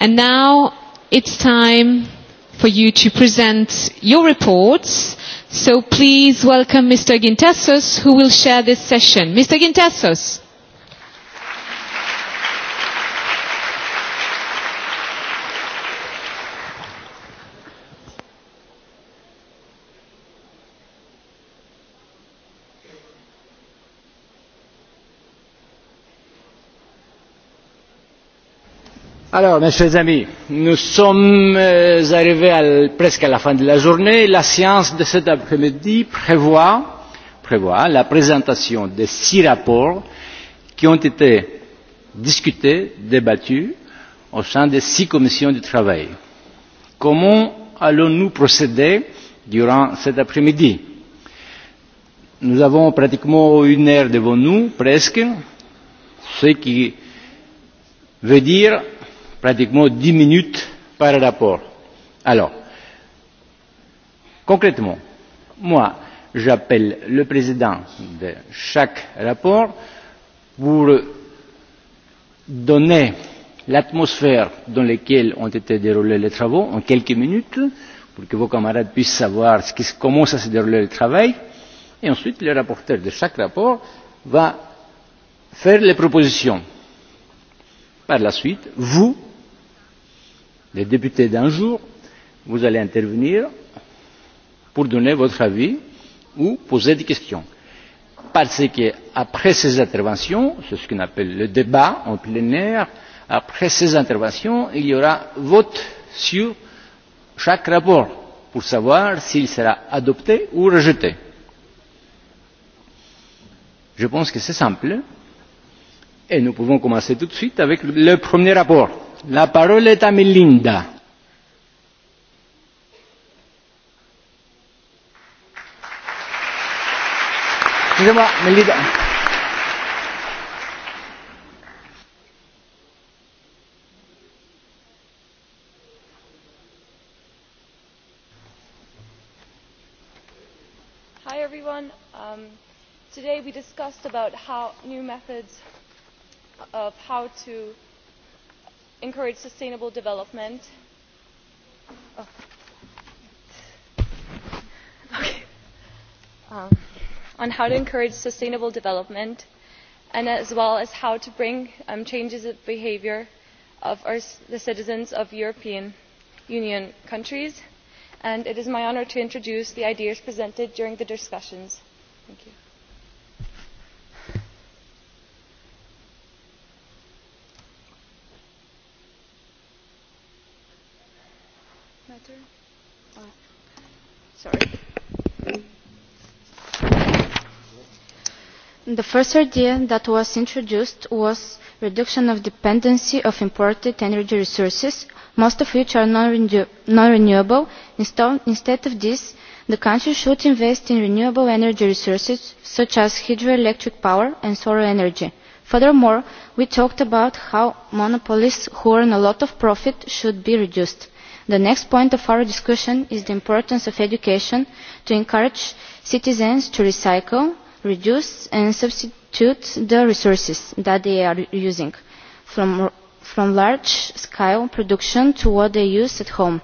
And now it's time for you to present your reports. So please welcome Mr. Gintessos, who will share this session. Mr. Gintessos. Alors, mes chers amis, nous sommes arrivés presque à la fin de la journée. La séance de cet après-midi prévoit la présentation de six rapports qui ont été discutés, débattus au sein des six commissions du travail. Comment allons-nous procéder durant cet après-midi Nous avons pratiquement une heure devant nous, presque, ce qui veut dire pratiquement dix minutes par rapport. Alors, concrètement, moi, j'appelle le président de chaque rapport pour donner l'atmosphère dans laquelle ont été déroulés les travaux en quelques minutes, pour que vos camarades puissent savoir ce qui comment ça se déroulé le travail. Et ensuite, le rapporteur de chaque rapport va faire les propositions. Par la suite, vous, les députés d'un jour, vous allez intervenir pour donner votre avis ou poser des questions. Parce que après ces interventions, c'est ce qu'on appelle le débat en plénière, après ces interventions, il y aura vote sur chaque rapport pour savoir s'il sera adopté ou rejeté. Je pense que c'est simple. Et nous pouvons commencer tout de suite avec le premier rapport. La parole est à Melinda. Excusez-moi, Melinda. Hi everyone. Um, today we discussed about how new methods of how to encourage sustainable development on how to encourage sustainable development and as well as how to bring changes of behavior of the citizens of European Union countries and it is my honor to introduce the ideas presented during the discussions. Thank you. The first idea that was introduced was reduction of dependency of imported energy resources, most of which are non-renewable. Instead of this, the country should invest in renewable energy resources such as hydroelectric power and solar energy. Furthermore, we talked about how monopolies who earn a lot of profit should be reduced the next point of our discussion is the importance of education to encourage citizens to recycle reduce and substitute the resources that they are using from large scale production to what they use at home.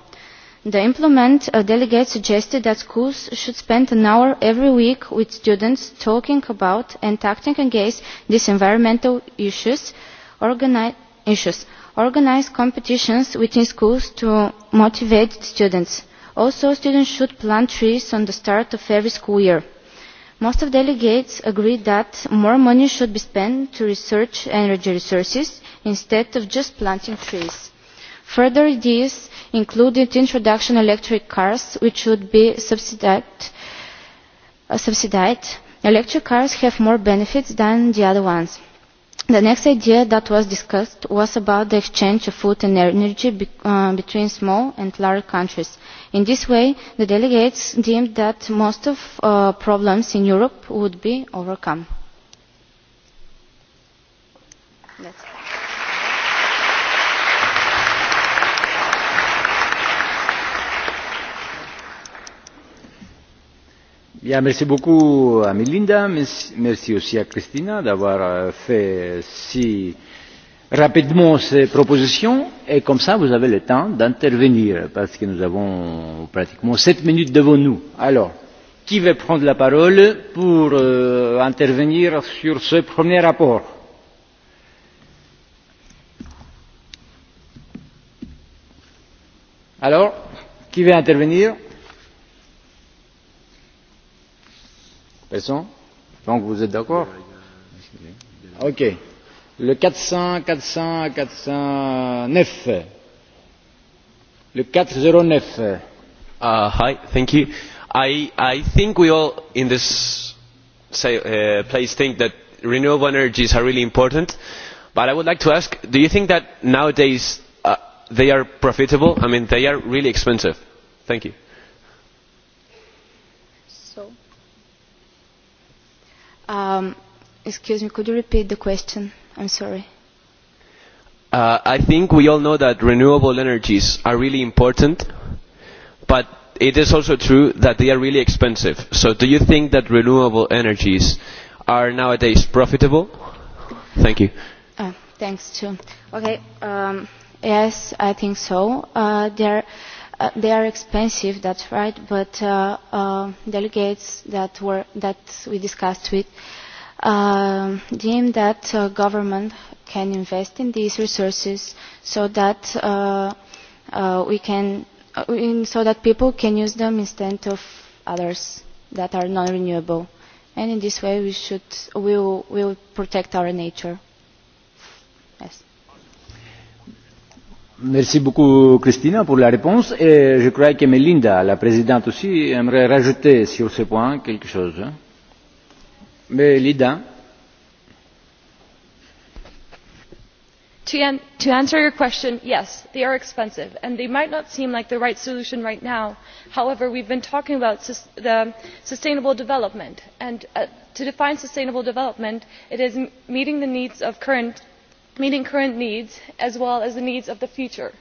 The implement delegate suggested that schools should spend an hour every week with students talking about and acting against these environmental issues Organize competitions within schools to motivate students. Also, students should plant trees on the start of every school year. Most of the delegates agreed that more money should be spent to research energy resources instead of just planting trees. Further ideas included introduction of electric cars, which should be subsidised. Electric cars have more benefits than the other ones. The next idea that was discussed was about the exchange of food and energy between small and large countries. In this way, the delegates deemed that most of problems in Europe would be overcome. Bien, merci beaucoup à Melinda, merci aussi à Christina d'avoir fait si rapidement ces propositions et comme ça vous avez le temps d'intervenir parce que nous avons pratiquement sept minutes devant nous. Alors, qui veut prendre la parole pour intervenir sur ce premier rapport Alors, qui veut intervenir Besson Donc vous êtes d'accord Ok. Le 400, 400, 409. Le 409. Uh, hi, thank you. I, I think we all in this say, uh, place think that renewable energies are really important. But I would like to ask, do you think that nowadays uh, they are profitable? I mean, they are really expensive. Thank you. Um Excuse me, could you repeat the question? I'm sorry. I think we all know that renewable energies are really important, but it is also true that they are really expensive. So do you think that renewable energies are nowadays profitable? Thank you. Thanks, too. Okay. Yes, I think so. There They are expensive, that's right, but delegates that were that we discussed with deem that government can invest in these resources so that we can so that people can use them instead of others that are non-renewable, and in this way we should will will protect our nature. Yes. Merci beaucoup Christina pour la réponse et je crois que Melinda, la présidente aussi, aimerait rajouter sur ce point quelque chose. Melinda. To answer your question, yes, they are expensive and they might not seem like the right solution right now. However, we've been talking about sustainable development and to define sustainable development, it is meeting the needs of current meeting current needs as well as the needs of the future.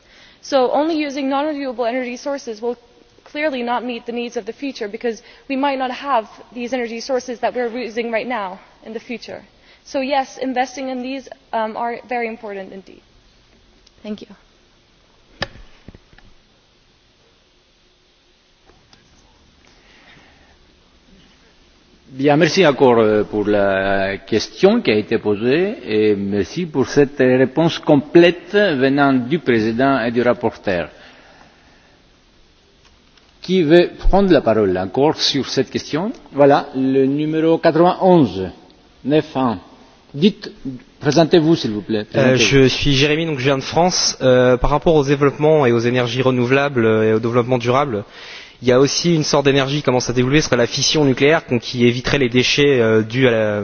So only using non renewable energy sources will clearly not meet the needs of the future because we might not have these energy sources that we are using right now in the future. So yes, investing in these are very important indeed. Thank you. merci encore pour la question qui a été posée et merci pour cette réponse complète venant du président et du rapporteur. Qui veut prendre la parole encore sur cette question Voilà, le numéro 91, 91. Dites, présentez-vous s'il vous plaît. Je suis Jérémy, donc je viens de France. Par rapport au développement et aux énergies renouvelables et au développement durable, Il y a aussi une sorte d'énergie qui commence à développer, ce serait la fission nucléaire, qui éviterait les déchets dus à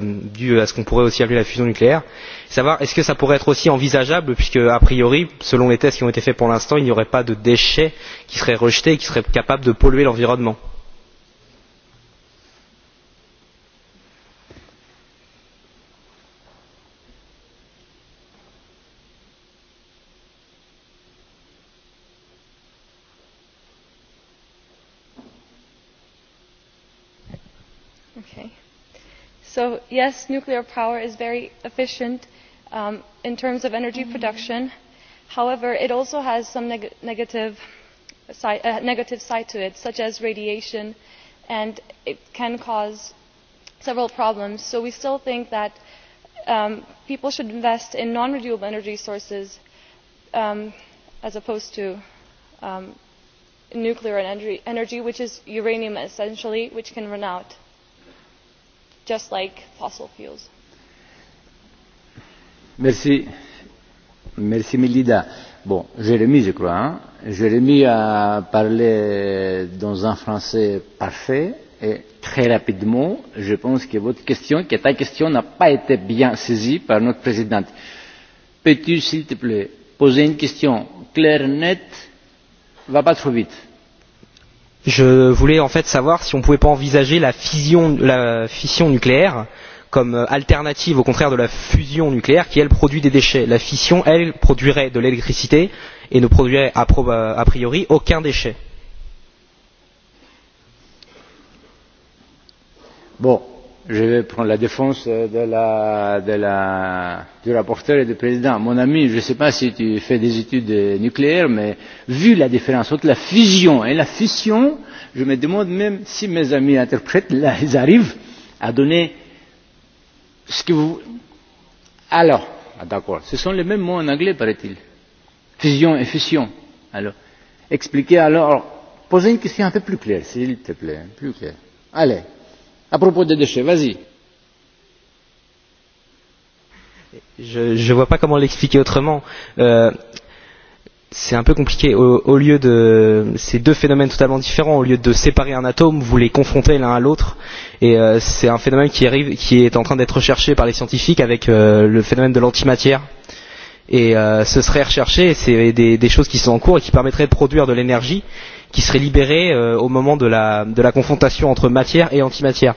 ce qu'on pourrait aussi appeler la fusion nucléaire. Savoir, est-ce que ça pourrait être aussi envisageable, puisque, a priori, selon les tests qui ont été faits pour l'instant, il n'y aurait pas de déchets qui seraient rejetés et qui seraient capables de polluer l'environnement so yes nuclear power is very efficient in terms of energy production however it also has some negative side to it such as radiation and it can cause several problems so we still think that people should invest in non renewable energy sources as opposed to nuclear energy which is uranium essentially which can run out just like fossil fuels. Merci. Merci Melida. Bon, Jérémy, je crois. Hein? Jérémy a parlé dans un français parfait et très rapidement. Je pense que votre question, que ta question n'a pas été bien saisie par notre présidente. Peux-tu, s'il te plaît, poser une question claire, nette, va pas trop vite je voulais en fait savoir si on ne pouvait pas envisager la fission nucléaire comme alternative au contraire de la fusion nucléaire qui elle produit des déchets. La fission elle produirait de l'électricité et ne produirait a priori aucun déchet. Bon, Je vais prendre la défense de la, de la, du rapporteur et du président. Mon ami, je ne sais pas si tu fais des études nucléaires, mais vu la différence entre la fusion et la fission, je me demande même si mes amis interprètes, là, ils arrivent à donner ce que vous... Alors, d'accord, ce sont les mêmes mots en anglais, paraît-il. Fusion et fission. Alors, expliquez alors, posez une question un peu plus claire, s'il te plaît, plus claire. Allez. À propos des déchets, vas-y. Je ne vois pas comment l'expliquer autrement. C'est un peu compliqué. Au lieu de ces deux phénomènes totalement différents, au lieu de séparer un atome, vous les confrontez l'un à l'autre. Et c'est un phénomène qui est en train d'être recherché par les scientifiques avec le phénomène de l'antimatière et ce serait recherché c'est des des choses qui sont en cours et qui permettraient de produire de l'énergie qui serait libérée au moment de la de la confrontation entre matière et antimatière.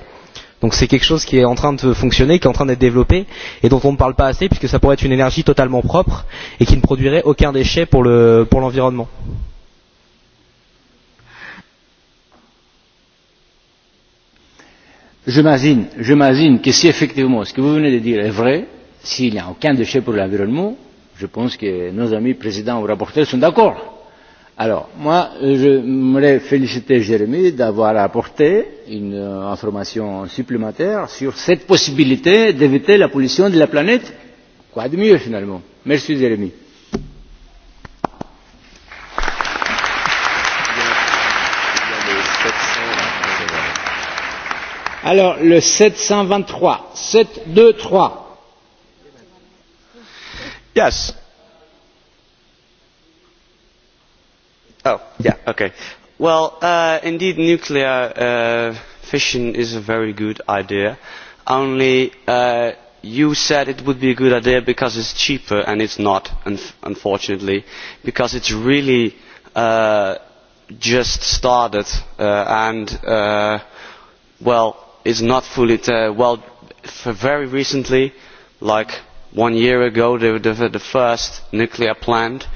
Donc c'est quelque chose qui est en train de fonctionner, qui est en train d'être développé et dont on ne parle pas assez puisque ça pourrait être une énergie totalement propre et qui ne produirait aucun déchet pour le pour l'environnement. j'imagine que si effectivement ce que vous venez de dire est vrai, s'il n'y a aucun déchet pour l'environnement, je pense que nos amis présidents ou rapporteurs sont d'accord. Alors, moi, je voudrais féliciter Jérémy d'avoir apporté une information supplémentaire sur cette possibilité d'éviter la pollution de la planète. Quoi de mieux, finalement. Merci, Jérémy. Alors, le 723. 723. Yes. Oh, yeah, okay. Well, indeed, nuclear fission is a very good idea. Only you said it would be a good idea because it's cheaper, and it's not, unfortunately, because it's really just started and, well, it's not fully well very recently, like One year ago, the first nuclear plant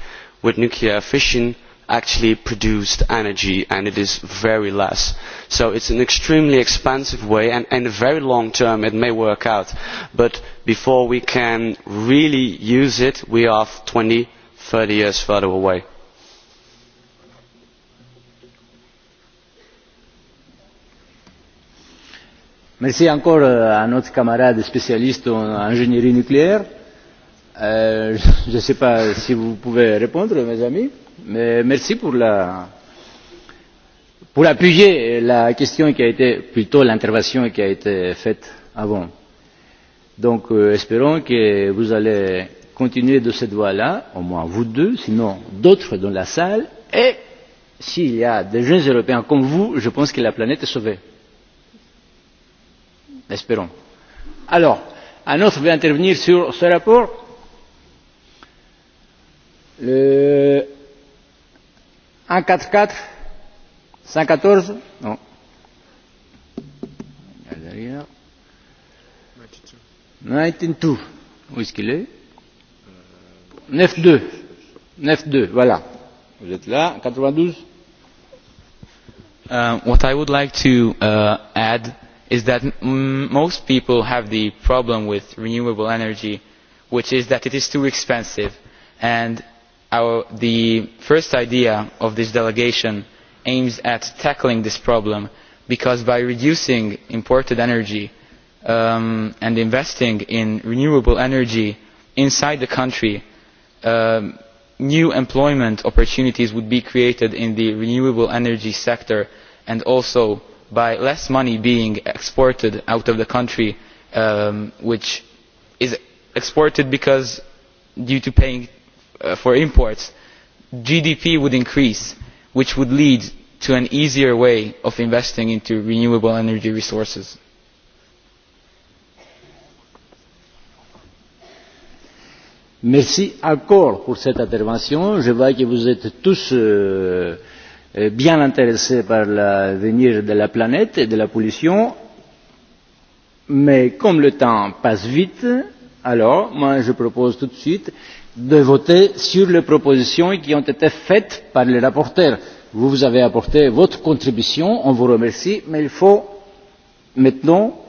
with nuclear fission actually produced energy, and it is very less. So it's an extremely expensive way, and in the very long term it may work out. But before we can really use it, we are 20, 30 years further away. Merci encore à notre camarade spécialiste en ingénierie nucléaire. Je ne sais pas si vous pouvez répondre, mes amis, mais merci pour la pour appuyer la question qui a été plutôt l'intervention qui a été faite avant. Donc espérons que vous allez continuer de cette voie là, au moins vous deux, sinon d'autres dans la salle, et s'il y a des jeunes Européens comme vous, je pense que la planète est sauvée espérons. Alors, un autre veut intervenir sur ce rapport Le 144 114 Non. Derrière. 92. Où est-ce qu'il est 92. 92, voilà. Vous êtes là, 92 What I would like to add is that most people have the problem with renewable energy which is that it is too expensive and the first idea of this delegation aims at tackling this problem because by reducing imported energy and investing in renewable energy inside the country new employment opportunities would be created in the renewable energy sector and also by less money being exported out of the country which is exported because due to paying for imports gdp would increase which would lead to an easier way of investing into renewable energy resources. Merci encore pour cette intervention. Je vois que vous êtes tous bien intéressés par l'avenir de la planète et de la pollution mais comme le temps passe vite alors je propose tout de suite de voter sur les propositions qui ont été faites par les rapporteurs. vous avez apporté votre contribution on vous remercie mais il faut maintenant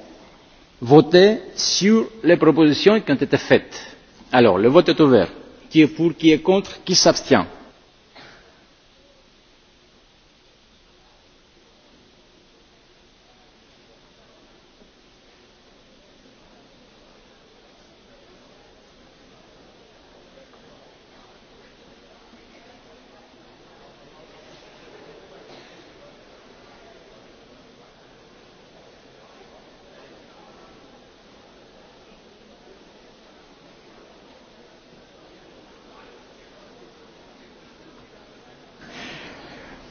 voter sur les propositions qui ont été faites. alors le vote est ouvert. qui est pour qui est contre qui s'abstient?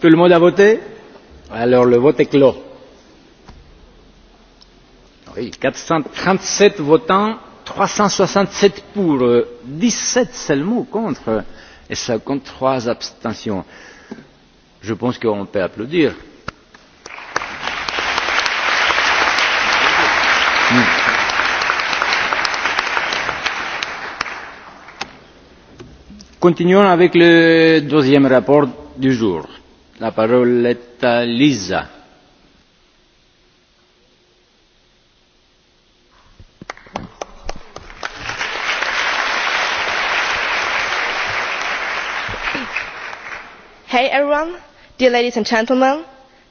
Tout le monde a voté Alors le vote est clos. Oui, 437 votants, 367 pour, 17 seulement contre et 53 abstentions. Je pense qu'on peut applaudir. Continuons avec le deuxième rapport du jour La Hey everyone, dear ladies and gentlemen,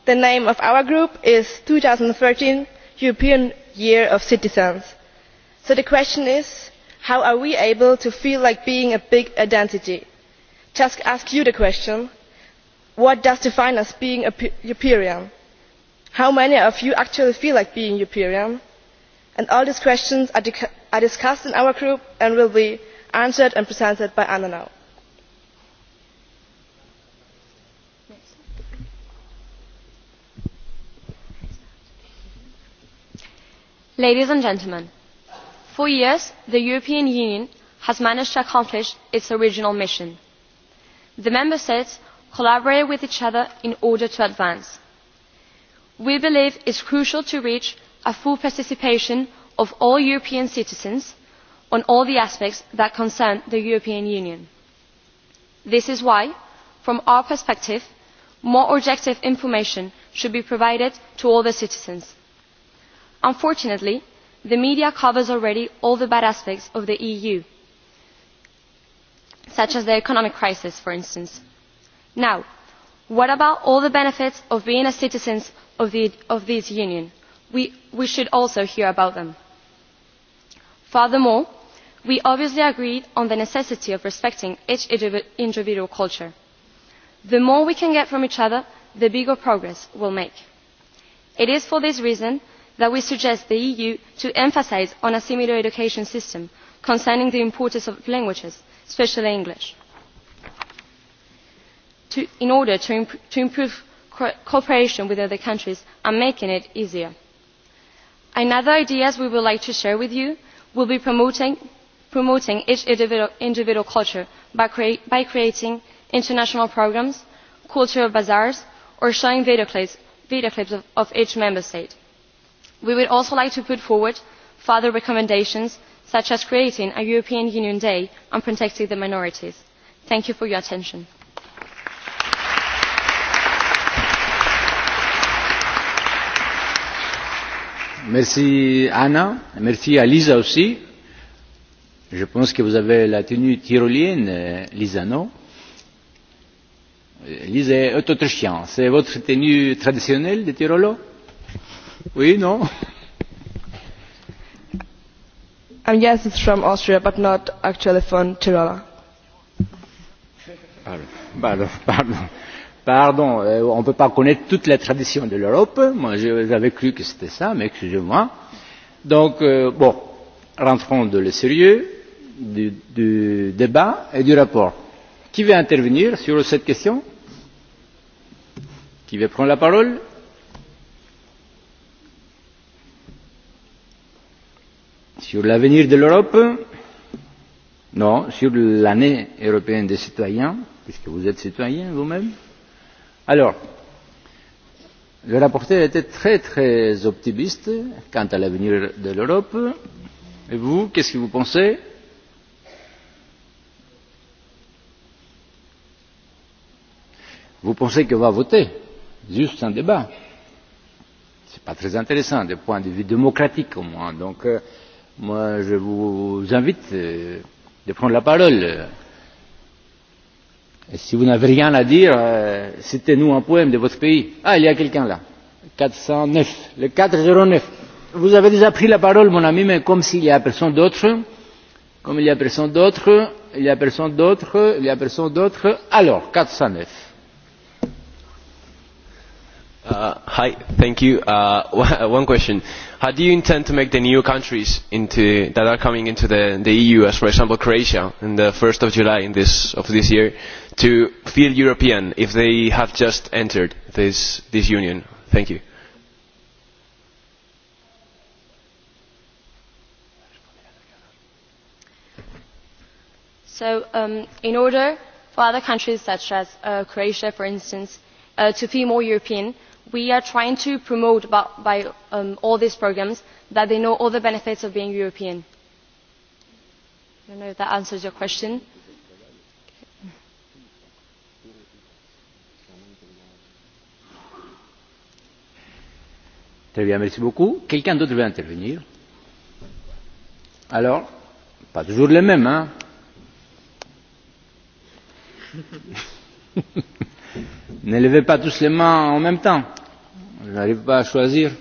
the name of our group is 2013 European Year of Citizens. So the question is, how are we able to feel like being a big identity? Just ask you the question what does define us being a european? how many of you actually feel like being european? And all these questions are discussed in our group and will be answered and presented by anna now. ladies and gentlemen for years the european union has managed to accomplish its original mission. the member states collaborate with each other in order to advance. We believe it is crucial to reach a full participation of all European citizens on all the aspects that concern the European Union. This is why, from our perspective, more objective information should be provided to all the citizens. Unfortunately, the media covers already all the bad aspects of the EU, such as the economic crisis, for instance now what about all the benefits of being a citizen of this union? we should also hear about them. furthermore we obviously agree on the necessity of respecting each individual culture. the more we can get from each other the bigger progress we will make. it is for this reason that we suggest the eu to emphasise on a similar education system concerning the importance of languages especially english in order to improve cooperation with other countries and making it easier. Another idea we would like to share with you will be promoting each individual culture by creating international programmes, cultural bazaars or showing video clips of each member state. We would also like to put forward further recommendations such as creating a European Union Day on protecting the minorities. Thank you for your attention. Merci Anna, merci à Lisa aussi. Je pense que vous avez la tenue tyrolienne, Lisa, non Lisa est autrichienne. C'est votre tenue traditionnelle de Tirolo Oui, non Um, yes, it's from Austria, but not actually from Tirola. Pardon, pardon, pardon. Pardon, on ne peut pas connaître toutes les traditions de l'Europe. Moi, j'avais cru que c'était ça, mais excusez-moi. Donc, bon, rentrons dans le sérieux du débat et du rapport. Qui veut intervenir sur cette question Qui veut prendre la parole Sur l'avenir de l'Europe Non, sur l'année européenne des citoyens, puisque vous êtes citoyen vous-même Alors, le rapporteur était très très optimiste quant à l'avenir de l'Europe. Et vous, qu'est-ce que vous pensez Vous pensez qu'on va voter Juste un débat. Ce n'est pas très intéressant du point de vue démocratique au moins. Donc, moi, je vous invite de prendre la parole Si vous n'avez rien à dire, citez-nous un poème de votre pays. Ah, il y a quelqu'un là. 409. Le 409. Vous avez déjà pris la parole, mon ami, mais comme s'il y a personne d'autre, comme il y a personne d'autre, il y a personne d'autre, il y a personne d'autre. Alors, 409. Uh, hi, thank you. one question How do you intend to make the new countries that are coming into the EU, as for example Croatia, on the 1 of July of this year, to feel European if they have just entered this union? Thank you. So, in order for other countries, such as Croatia, for instance, to feel more European, we are trying to promote by all these programmes that they know all the benefits of being European. I don't know if that answers your question. Très bien, merci beaucoup. Quelqu'un d'autre veut intervenir Alors, pas toujours les mêmes, hein Ne levez pas tous les mains en même temps. Je n'arrive pas à choisir.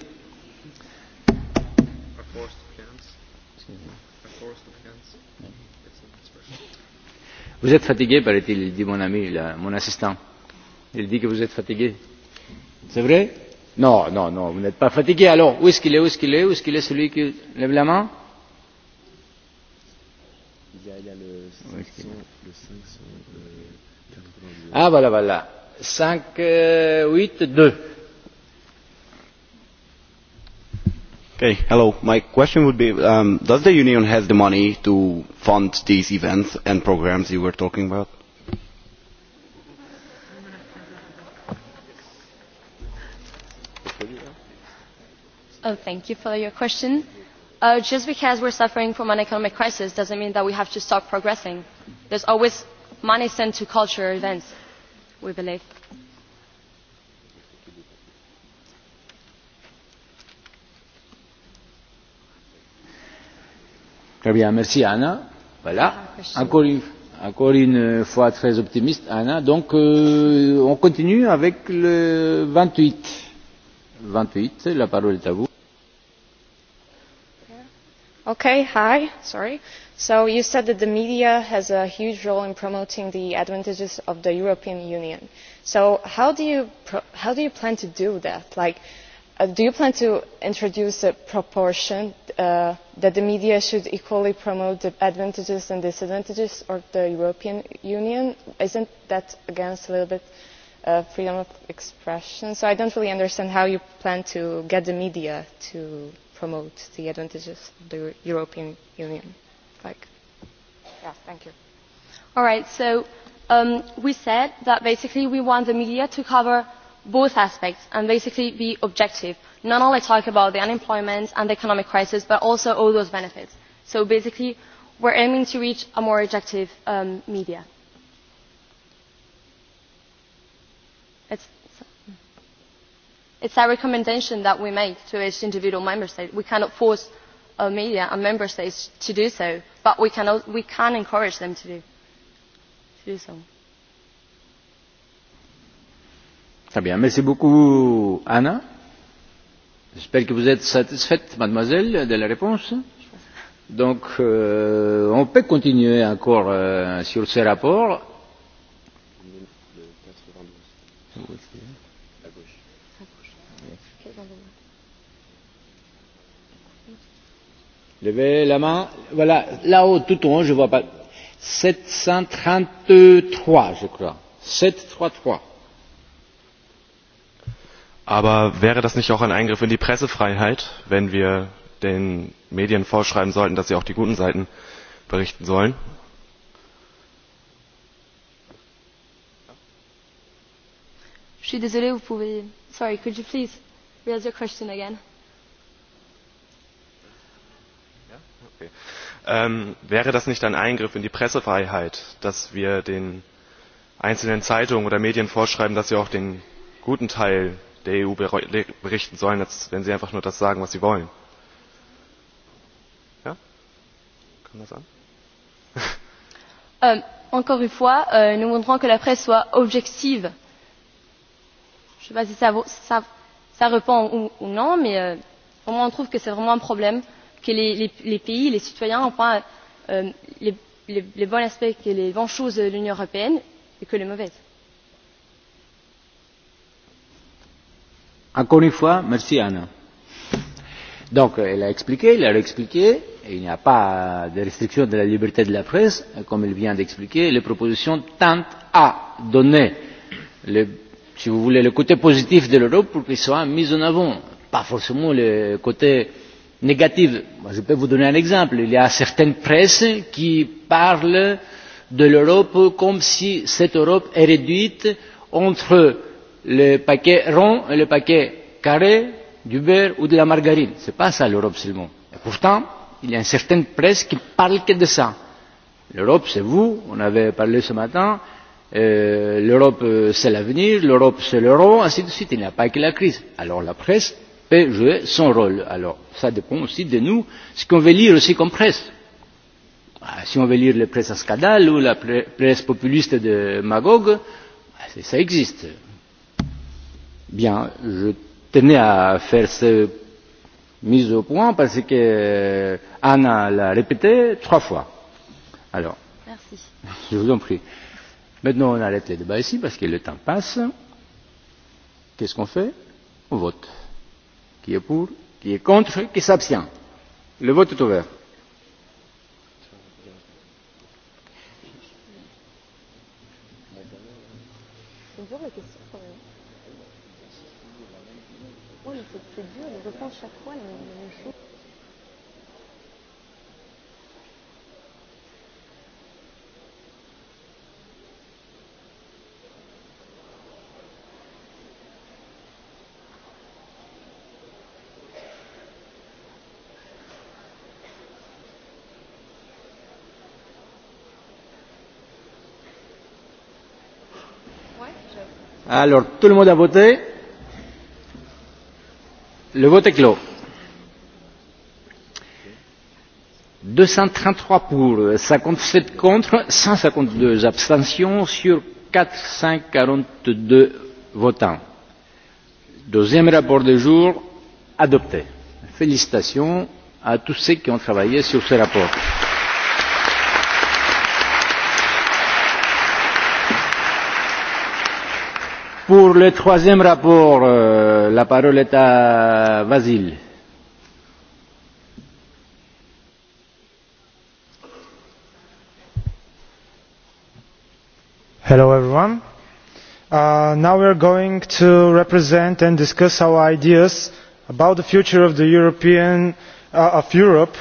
Vous êtes fatigué, paraît-il, dit mon ami, mon assistant. Il dit que vous êtes fatigué. C'est vrai Non, non, non, vous n'êtes pas fatigué. Alors, où est-ce qu'il est, où est-ce qu'il est, où est-ce qu'il est celui qui lève la main Ah, voilà, voilà 582. Okay, hello. My question would be, does the union have the money to fund these events and programs you were talking about? Oh, thank you for your question. just because we're suffering from an economic crisis doesn't mean that we have to stop progressing. There's always money sent to cultural events we believe. Très bien, merci Anna. Voilà, encore une, encore une fois très optimiste Anna. Donc on continue avec le 28. 28, la parole est à vous. Okay, hi, sorry so you said that the media has a huge role in promoting the advantages of the european union so how do you plan to do that do you plan to introduce a proportion that the media should equally promote the advantages and disadvantages of the european union isn't that against a little bit freedom of expression so i don't really understand how you plan to get the media to promote the advantages of the european union like. Yes, thank you. All right, so um, we said that basically we want the media to cover both aspects and basically be objective, not only talk about the unemployment and the economic crisis, but also all those benefits. So basically, we're aiming to reach a more objective um, media. It's, it's a recommendation that we make to each individual member state. We cannot force media and member states to do so, but we can, we can encourage them to do, to do so. Très bien, merci beaucoup Anna. J'espère que vous êtes satisfaite, mademoiselle, de la réponse. Donc, euh, on peut continuer encore euh, sur ce rapport. Levez la main. Voilà, là-haut, tout en haut, je ne vois pas. 733, je crois. 733. Aber wäre das nicht auch ein Eingriff in die Pressefreiheit, wenn wir den Medien vorschreiben sollten, dass sie auch die guten Seiten berichten sollen? Je suis désolé, vous pouvez... Sorry, could you please raise your question again? Wäre das nicht ein Eingriff in die Pressefreiheit, dass wir den einzelnen Zeitungen oder Medien vorschreiben, dass sie auch den guten Teil der EU berichten sollen, als wenn sie einfach nur das sagen, was sie wollen? Encore une fois, nous voudrons que la presse soit objective. Je ne sais pas si ça répond ou non, mais on trouve que c'est vraiment un problème que les pays, les citoyens, voient les bons aspects et les bonnes choses de l'Union européenne et que les mauvaises. Encore une fois, merci Anna. Donc, elle a expliqué, il a réexpliqué, il n'y a pas de restriction de la liberté de la presse, comme elle vient d'expliquer, les propositions tentent à donner, si vous voulez, le côté positif de l'Europe pour qu'il soit mis en avant, pas forcément le côté négative. Je peux vous donner un exemple. Il y a certaines presses qui parlent de l'Europe comme si cette Europe est réduite entre le paquet rond et le paquet carré du beurre ou de la margarine. Ce n'est pas ça l'Europe seulement. Et pourtant, il y a une certaine presse qui parle que de ça. L'Europe, c'est vous, on avait parlé ce matin, l'Europe, c'est l'avenir, l'Europe, c'est l'euro, ainsi de suite. Il n'y a pas que la crise. Alors la presse peut jouer son rôle. Alors, ça dépend aussi de nous, ce qu'on veut lire aussi comme presse. Si on veut lire la presse à scandale ou la presse populiste de Magog, ça existe. Bien, je tenais à faire cette mise au point parce que Anna l'a répété trois fois. Alors, Merci. je vous en prie. Maintenant, on arrête les débats ici parce que le temps passe. Qu'est-ce qu'on fait On vote qui est pour, qui est contre, qui s'abstient. Le vote est ouvert. chaque fois Alors, tout le monde a voté Le vote est clos. 233 pour, 57 contre, 152 abstentions sur 442 votants. Deuxième rapport du jour adopté. Félicitations à tous ceux qui ont travaillé sur ce rapport. Pour le troisième rapport, la parole est à Vasile. Hello everyone. Now we are going to represent and discuss our ideas about the future of the European of Europe.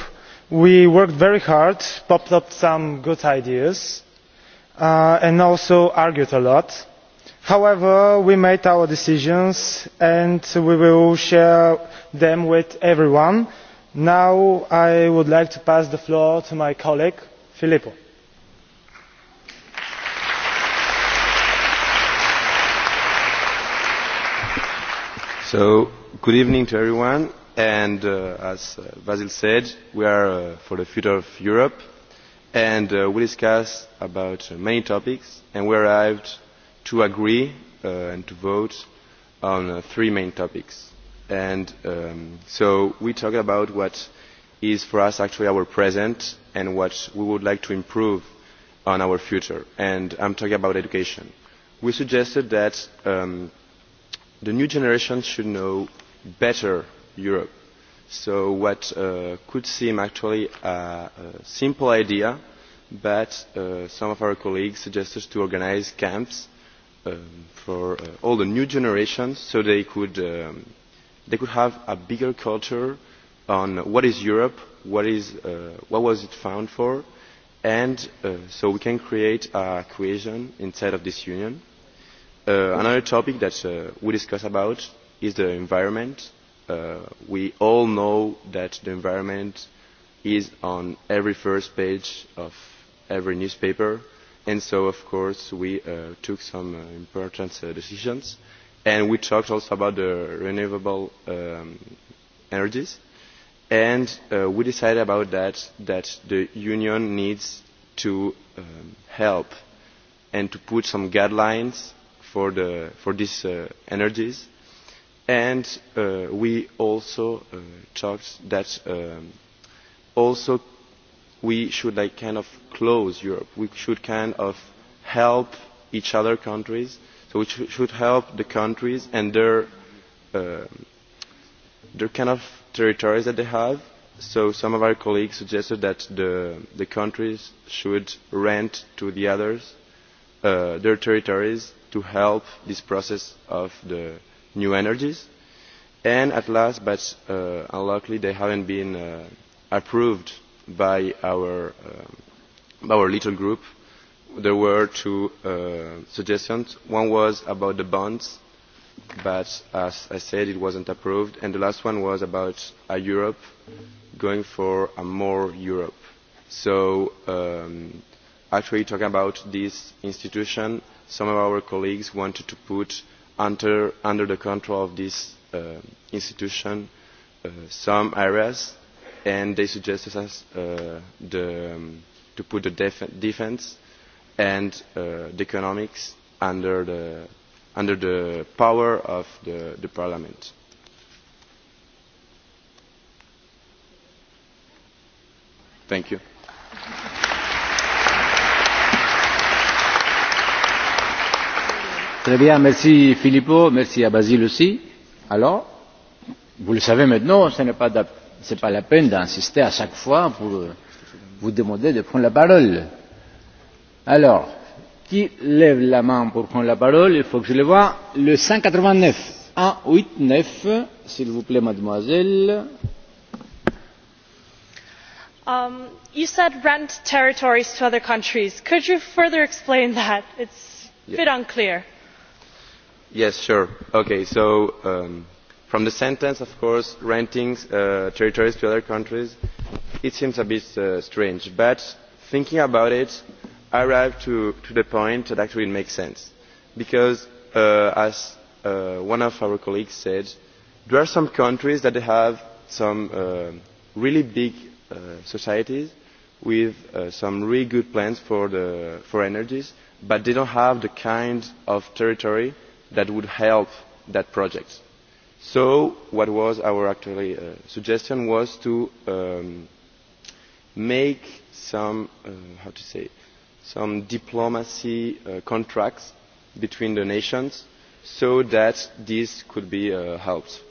We worked very hard, popped up some good ideas, and also argued a lot However, we made our decisions and we will share them with everyone. Now I would like to pass the floor to my colleague, Filippo. So, good evening to everyone. And as Basil said, we are for the future of Europe. And we discussed about many topics and we arrived to agree and to vote on three main topics. And so we talk about what is for us actually our present and what we would like to improve on our future. And I'm talking about education. We suggested that the new generation should know better Europe. So what could seem actually a simple idea, but some of our colleagues suggested to organize camps for all the new generations so they could they could have a bigger culture on what is Europe, what is what was it found for and so we can create a cohesion inside of this union. Another topic that we discuss about is the environment. We all know that the environment is on every first page of every newspaper and so of course we took some important decisions and we talked also about the renewable energies and we decided about that that the union needs to help and to put some guidelines for the for these energies and we also talked that also we should kind of close Europe. We should kind of help each other countries. So we should help the countries and their their kind of territories that they have. So some of our colleagues suggested that the the countries should rent to the others their territories to help this process of the new energies. And at last, but unluckily, they haven't been approved by our little group. There were two suggestions. One was about the bonds, but as I said, it wasn't approved. And the last one was about a Europe, going for a more Europe. So actually talking about this institution, some of our colleagues wanted to put under the control of this institution some areas and they suggested us to put the defense and the economics under the under the power of the the parliament thank you Très bien, merci Philippot, merci à Basile aussi. Alors, vous le savez maintenant, ce n'est pas ce n'est pas la peine d'insister à chaque fois pour vous demander de prendre la parole. Alors, qui lève la main pour prendre la parole Il faut que je le voie. Le 189. 189, s'il vous plaît, mademoiselle. Um, you said rent territories to other countries. Could you further explain that? It's a bit unclear. Yes, sure. Okay, so um, from the sentence of course renting territories to other countries it seems a bit strange but thinking about it i arrived to the point that actually it makes sense because as one of our colleagues said there are some countries that have some really big societies with some really good plans for the for energies but they don't have the kind of territory that would help that project So what was our actually suggestion was to make some, how to say, some diplomacy contracts between the nations so that this could be helped.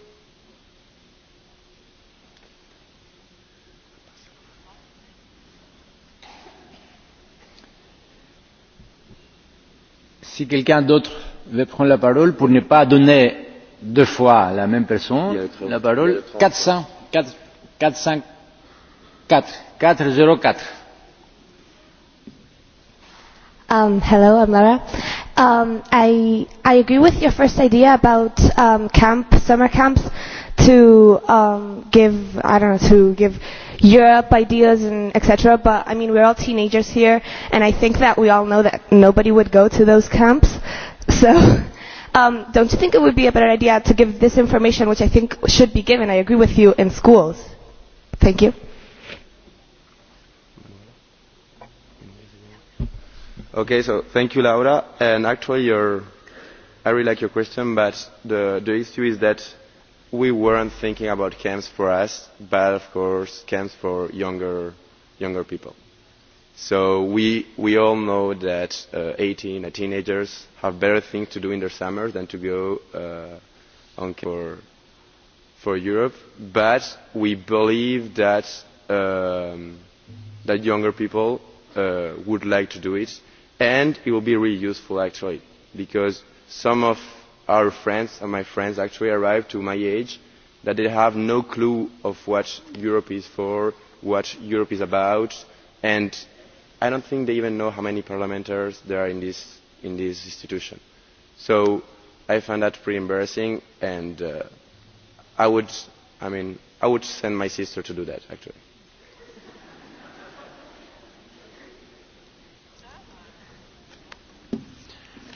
Si quelqu'un d'autre veut prendre la parole pour ne pas donner deux fois la même personne la parole 404 404 um hello i'm Lara um i i agree with your first idea about um camp summer camps to um give i don't know to give Europe ideas and etc. But I mean, we're all teenagers here, and I think that we all know that nobody would go to those camps. So don't you think it would be a better idea to give this information, which I think should be given, I agree with you, in schools? Thank you. Okay, so thank you, Laura. And actually, your, I really like your question, but the, the issue is that we weren't thinking about camps for us, but of course, camps for younger, younger people So we we all know that 18 teenagers have better things to do in their summer than to go on for for Europe, but we believe that that younger people would like to do it, and it will be really useful actually, because some of our friends and my friends actually arrived to my age that they have no clue of what Europe is for, what Europe is about, and I don't think they even know how many parliamentarians there are in this institution. So I find that pretty embarrassing, and I would, I mean, I would send my sister to do that actually.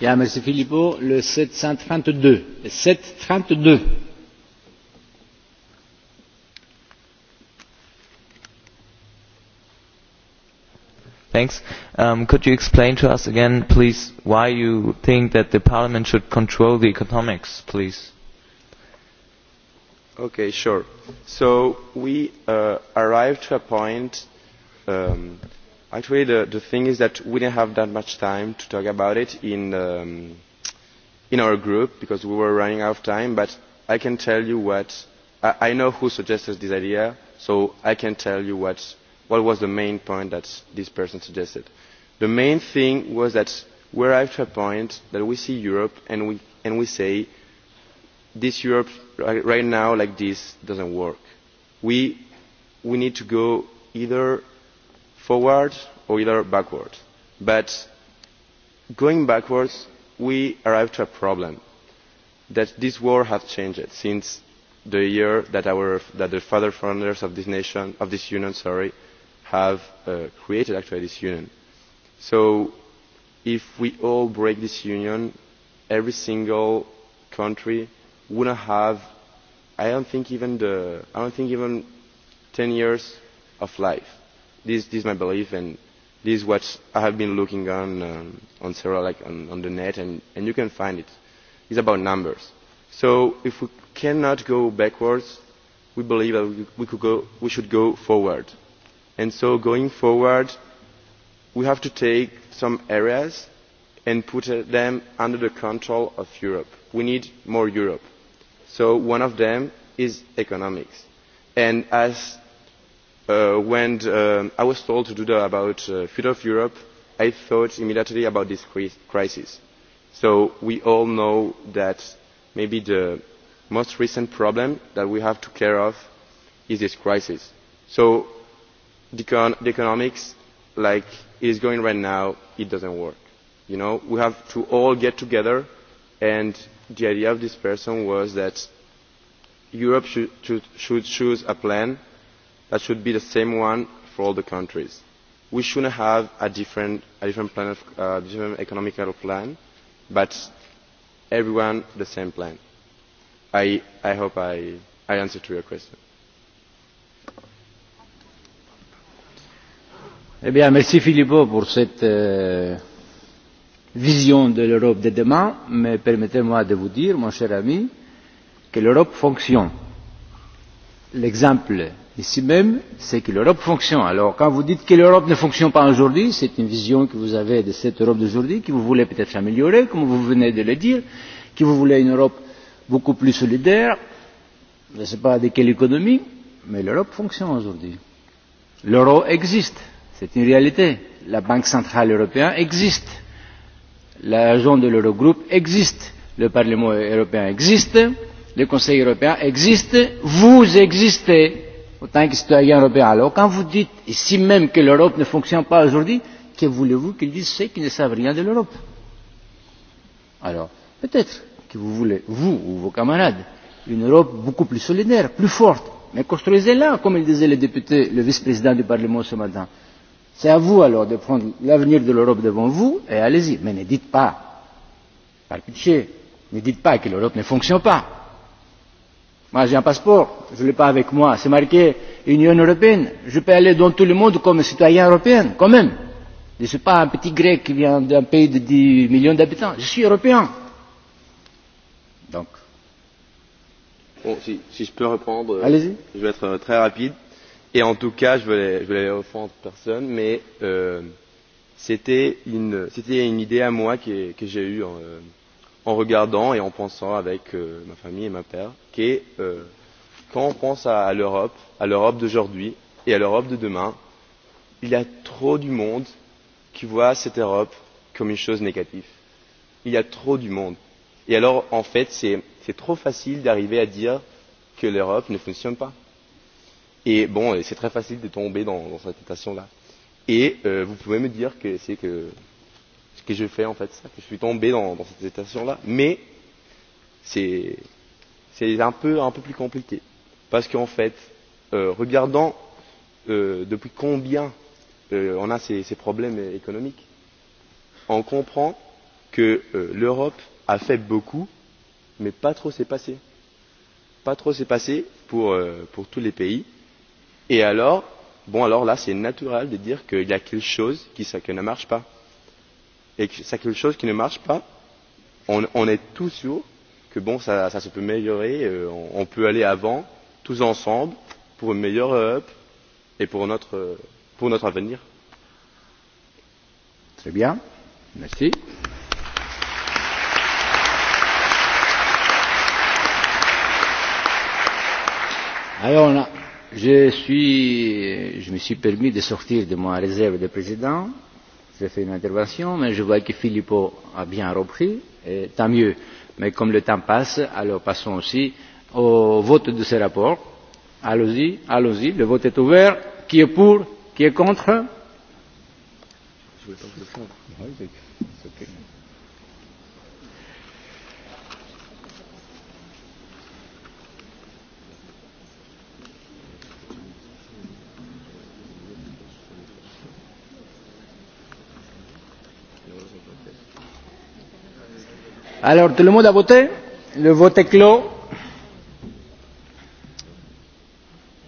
Yeah, Monsieur Philippot, le 732. Le 732. Thanks. Could you explain to us again, please, why you think that the Parliament should control the economics, please? Okay, sure. So we arrived to a point. Actually, the thing is that we didn't have that much time to talk about it in in our group because we were running out of time. But I can tell you what I know who suggested this idea, so I can tell you what what was the main point that this person suggested? The main thing was that we arrived to a point that we see Europe and we, and we say this Europe right now like this doesn't work. We, we need to go either forward or either backwards. But going backwards, we arrived to a problem that this war has changed since the year that, our, that the father founders of this nation, of this union, sorry, have created actually this union. So if we all break this union, every single country wouldn't have, I don't think even the, I don't think even 10 years of life. This, this is my belief and this is what I have been looking on, um, on several, like on, on the net and, and you can find it. It's about numbers. So if we cannot go backwards, we believe that we, could go, we should go forward and so going forward we have to take some areas and put them under the control of Europe. We need more Europe. So one of them is economics. And as when I was told to do about the future of Europe, I thought immediately about this crisis. So we all know that maybe the most recent problem that we have to care of is this crisis. So the economics like it is going right now it doesn't work you know we have to all get together and the idea of this person was that europe should should choose a plan that should be the same one for all the countries we shouldn't have a different a different plan of different plan but everyone the same plan i i hope i i answered to your question merci pour cette vision de l'Europe de demain, mais permettez-moi de vous dire, mon cher ami, que l'Europe fonctionne. L'exemple ici même, c'est que l'Europe fonctionne. Alors, quand vous dites que l'Europe ne fonctionne pas aujourd'hui, c'est une vision que vous avez de cette Europe d'aujourd'hui, que vous voulez peut-être améliorer, comme vous venez de le dire, que vous voulez une Europe beaucoup plus solidaire, je ne sais pas de quelle économie, mais l'Europe fonctionne aujourd'hui. L'euro existe C'est une réalité. La Banque centrale européenne existe. La zone de l'Eurogroupe existe. Le Parlement européen existe. Le Conseil européen existe. Vous existez en tant que citoyen européen. Alors quand vous dites ici même que l'Europe ne fonctionne pas aujourd'hui, que voulez-vous qu'ils disent ceux qui ne savent rien de l'Europe Alors peut-être que vous voulez, vous ou vos camarades, une Europe beaucoup plus solidaire, plus forte. Mais construisez-la, comme le disait le député, le vice-président du Parlement ce matin. C'est à vous alors de prendre l'avenir de l'Europe devant vous et allez-y. Mais ne dites pas, par pitié, ne dites pas que l'Europe ne fonctionne pas. Moi j'ai un passeport, je ne l'ai pas avec moi, c'est marqué Union Européenne. Je peux aller dans tout le monde comme citoyen européen, quand même. Je ne suis pas un petit grec qui vient d'un pays de 10 millions d'habitants, je suis européen. Donc. Bon, si, si je peux reprendre, je vais être très rapide Et en tout cas, je ne voulais offendre personne, mais c'était une idée à moi que j'ai eue en regardant et en pensant avec ma famille et ma père, qui que quand on pense à l'Europe, à l'Europe d'aujourd'hui et à l'Europe de demain, il y a trop du monde qui voit cette Europe comme une chose négative. Il y a trop du monde. Et alors, en fait, c'est trop facile d'arriver à dire que l'Europe ne fonctionne pas Et bon, c'est très facile de tomber dans, dans cette tentation-là. Et vous pouvez me dire que c'est que ce que je fais en fait, ça, que je suis tombé dans, dans cette tentation-là. Mais c'est c'est un peu un peu plus compliqué parce qu'en fait, regardant depuis combien on a ces, ces problèmes économiques, on comprend que l'Europe a fait beaucoup, mais pas trop s'est passé. Pas trop s'est passé pour, pour tous les pays Et alors, bon alors là c'est naturel de dire qu'il y a quelque chose qui, ça, que ne marche pas. Et que c'est quelque chose qui ne marche pas, on, on est tous sûrs que bon ça, ça se peut améliorer, on, peut aller avant, tous ensemble, pour une meilleure Europe et pour notre, pour notre avenir. Très bien, merci. Alors, on a Je, suis, je me suis permis de sortir de ma réserve de président. J'ai fait une intervention, mais je vois que Filippo a bien repris, et tant mieux. Mais comme le temps passe, alors passons aussi au vote de ce rapport. Allons-y, allons-y, le vote est ouvert. Qui est pour Qui est contre Je tout le monde a voté Le vote est clos.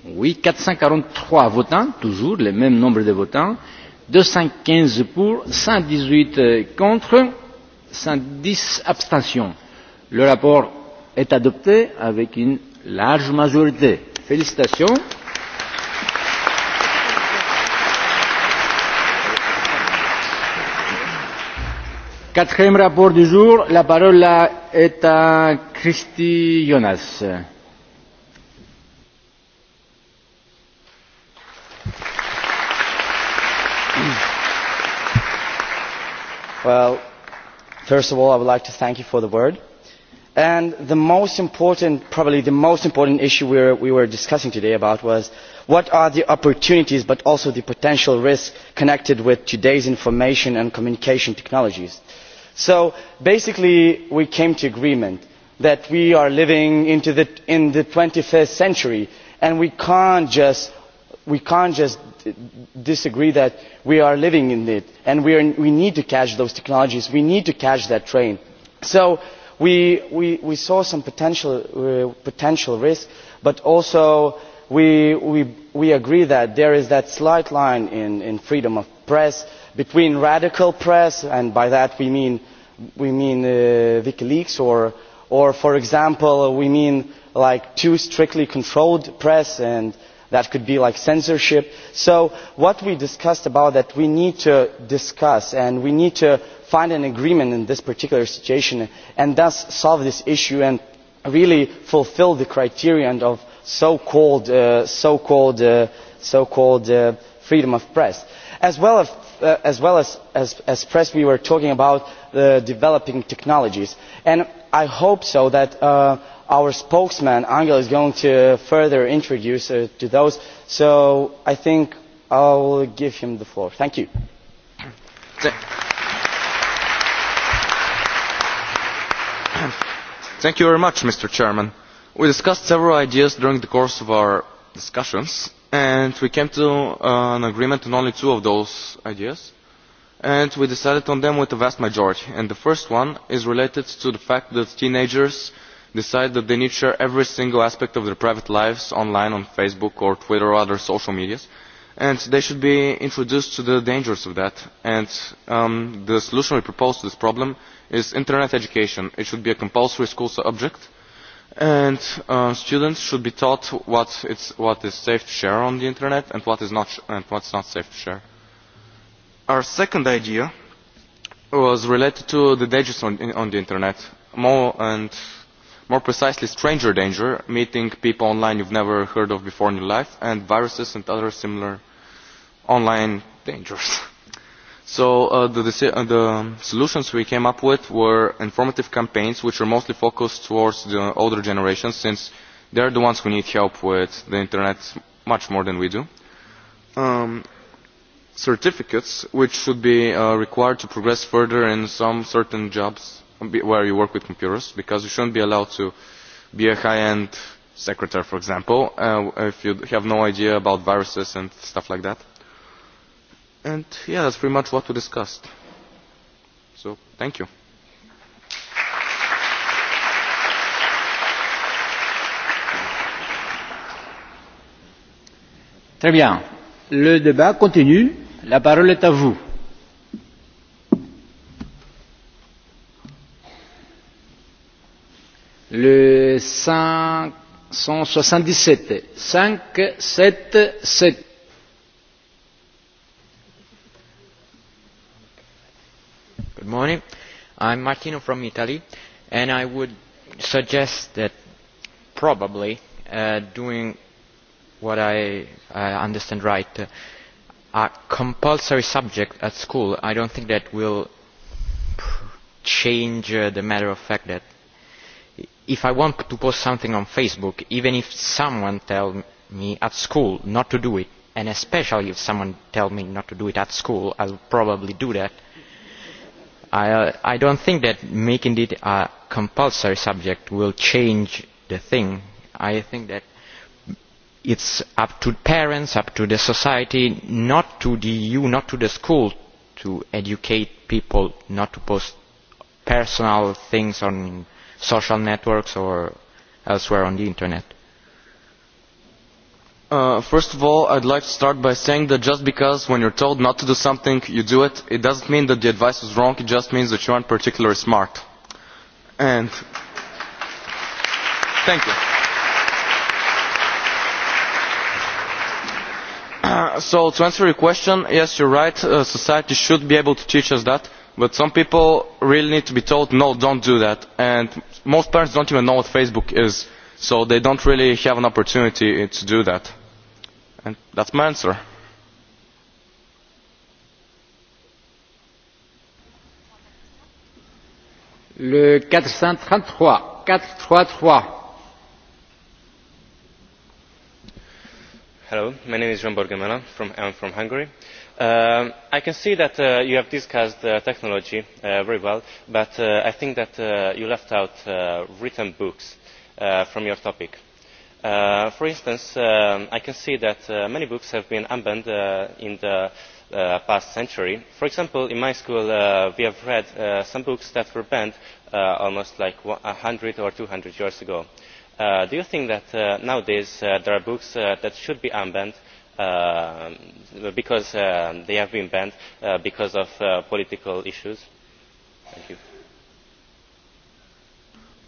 Oui, 443 votants, toujours le même nombre de votants. 215 pour, 118 contre, 110 abstentions. Le rapport est adopté avec une large majorité. Félicitations. Quatrième rapport du jour, la parole est à Christy Jonas. Well, first of all, I would like to thank you for the word and the most important probably the most important issue we were discussing today about was what are the opportunities but also the potential risks connected with today's information and communication technologies. so basically we came to agreement that we are living in the twenty first century and we cannot just disagree that we are living in it and we need to catch those technologies we need to catch that train. so we saw some potential risk but also we agree that there is that slight line in freedom of press between radical press and by that we mean wikileaks or for example we mean like too strictly controlled press and that could be like censorship. so what we discussed about that we need to discuss and we need to find an agreement in this particular situation and thus solve this issue and really fulfill the criterion of so-called freedom of press. As well as press we were talking about developing technologies and I hope so that our spokesman Angel is going to further introduce to those so I think I will give him the floor. Thank you. Mr. President, We discussed several ideas during the course of our discussions, and we came to an agreement on only two of those ideas, and we decided on them with a vast majority. the first one is related to the fact that teenagers decide that they need to share every single aspect of their private lives online on Facebook or Twitter or other social medias, and they should be introduced to the dangers of that. And the solution we propose to this problem is internet education. It should be a compulsory school subject, and students should be taught what is safe to share on the internet and what is not not safe to share. Our second idea was related to the dangers on the internet, more and more precisely stranger danger, meeting people online you've never heard of before in your life, and viruses and other similar online dangers. So the solutions we came up with were informative campaigns, which are mostly focused towards the older generations, since they are the ones who need help with the Internet much more than we do. Certificates, which should be required to progress further in some certain jobs where you work with computers, because you shouldn't be allowed to be a high-end secretary, for example, if you have no idea about viruses and stuff like that. And yeah, that's pretty much what we discussed. So thank you. Très bien. Le débat continue. La parole est à vous. Le 577. 5, 7, 7. Good morning. I'm Martino from Italy, and I would suggest that probably doing what I understand right, a compulsory subject at school, I don't think that will change the matter of fact that if I want to post something on Facebook, even if someone tells me at school not to do it, and especially if someone tells me not to do it at school, I'll probably do that I I don't think that making it a compulsory subject will change the thing. I think that it's up to parents, up to the society, not to the EU, not to the school, to educate people not to post personal things on social networks or elsewhere on the internet. First of all, I would like to start by saying that just because when you are told not to do something, you do it, it doesn't mean that the advice was wrong, it just means that you are not particularly smart. thank you. So to answer your question, yes, you are right, society should be able to teach us that, but some people really need to be told, no, don't do that. And most parents don't even know what Facebook is, so they don't really have an opportunity to do that And that's my answer. Le 433. 433. Hello, my name is Jean From, I'm from Hungary. Um, I can see that uh, you have discussed uh, technology uh, very well, but uh, I think that uh, you left out uh, written books uh, from your topic For instance, I can see that many books have been unbanned in the past century. For example, in my school we have read some books that were banned almost like 100 or 200 years ago. Do you think that nowadays there are books that should be unbanned because they have been banned because of political issues?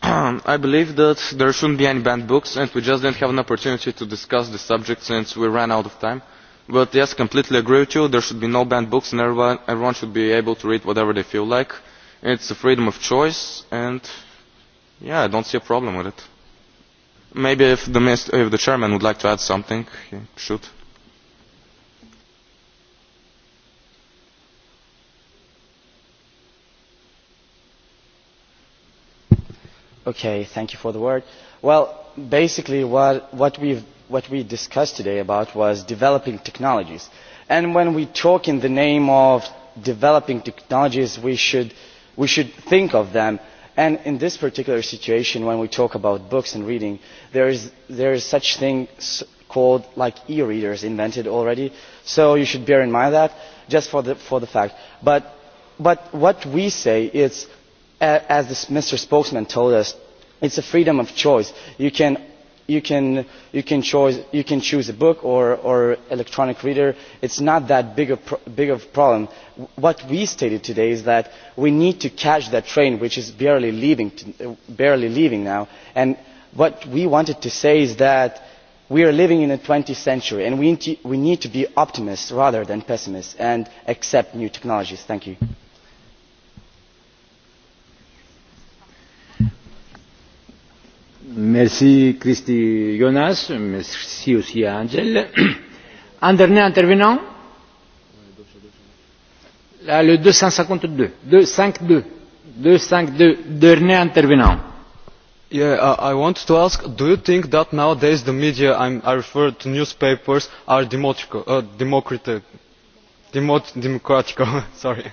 I believe that there shouldn't be any banned books and we just didn't have an opportunity to discuss the subject since we ran out of time. But yes, completely agree with you. There should be no banned books and everyone should be able to read whatever they feel like. It's a freedom of choice and yeah, I don't see a problem with it. Maybe if the, if the chairman would like to add something, he should. Okay, thank you for the word. Well, basically what what we've what we discussed today about was developing technologies. And when we talk in the name of developing technologies, we should we should think of them. And in this particular situation, when we talk about books and reading, there is there is such thing called like e-readers invented already. So you should bear in mind that just for the for the fact. But but what we say is as Mr. Spokesman told us, it is a freedom of choice. You can choose a book or or electronic reader It is not that big a of a problem what we stated today is that we need to catch that train which is barely leaving now and what we wanted to say is that we are living in the 20th century and we we need to be optimists rather than pessimists and accept new technologies thank you Merci Christy Jonas, merci aussi à Angel. Un dernier intervenant Là, le 252. 252. 252, dernier intervenant. Yeah, I want to ask, do you think that nowadays the media, I'm, I refer to newspapers, are democratic? Uh, democratic, democratic sorry.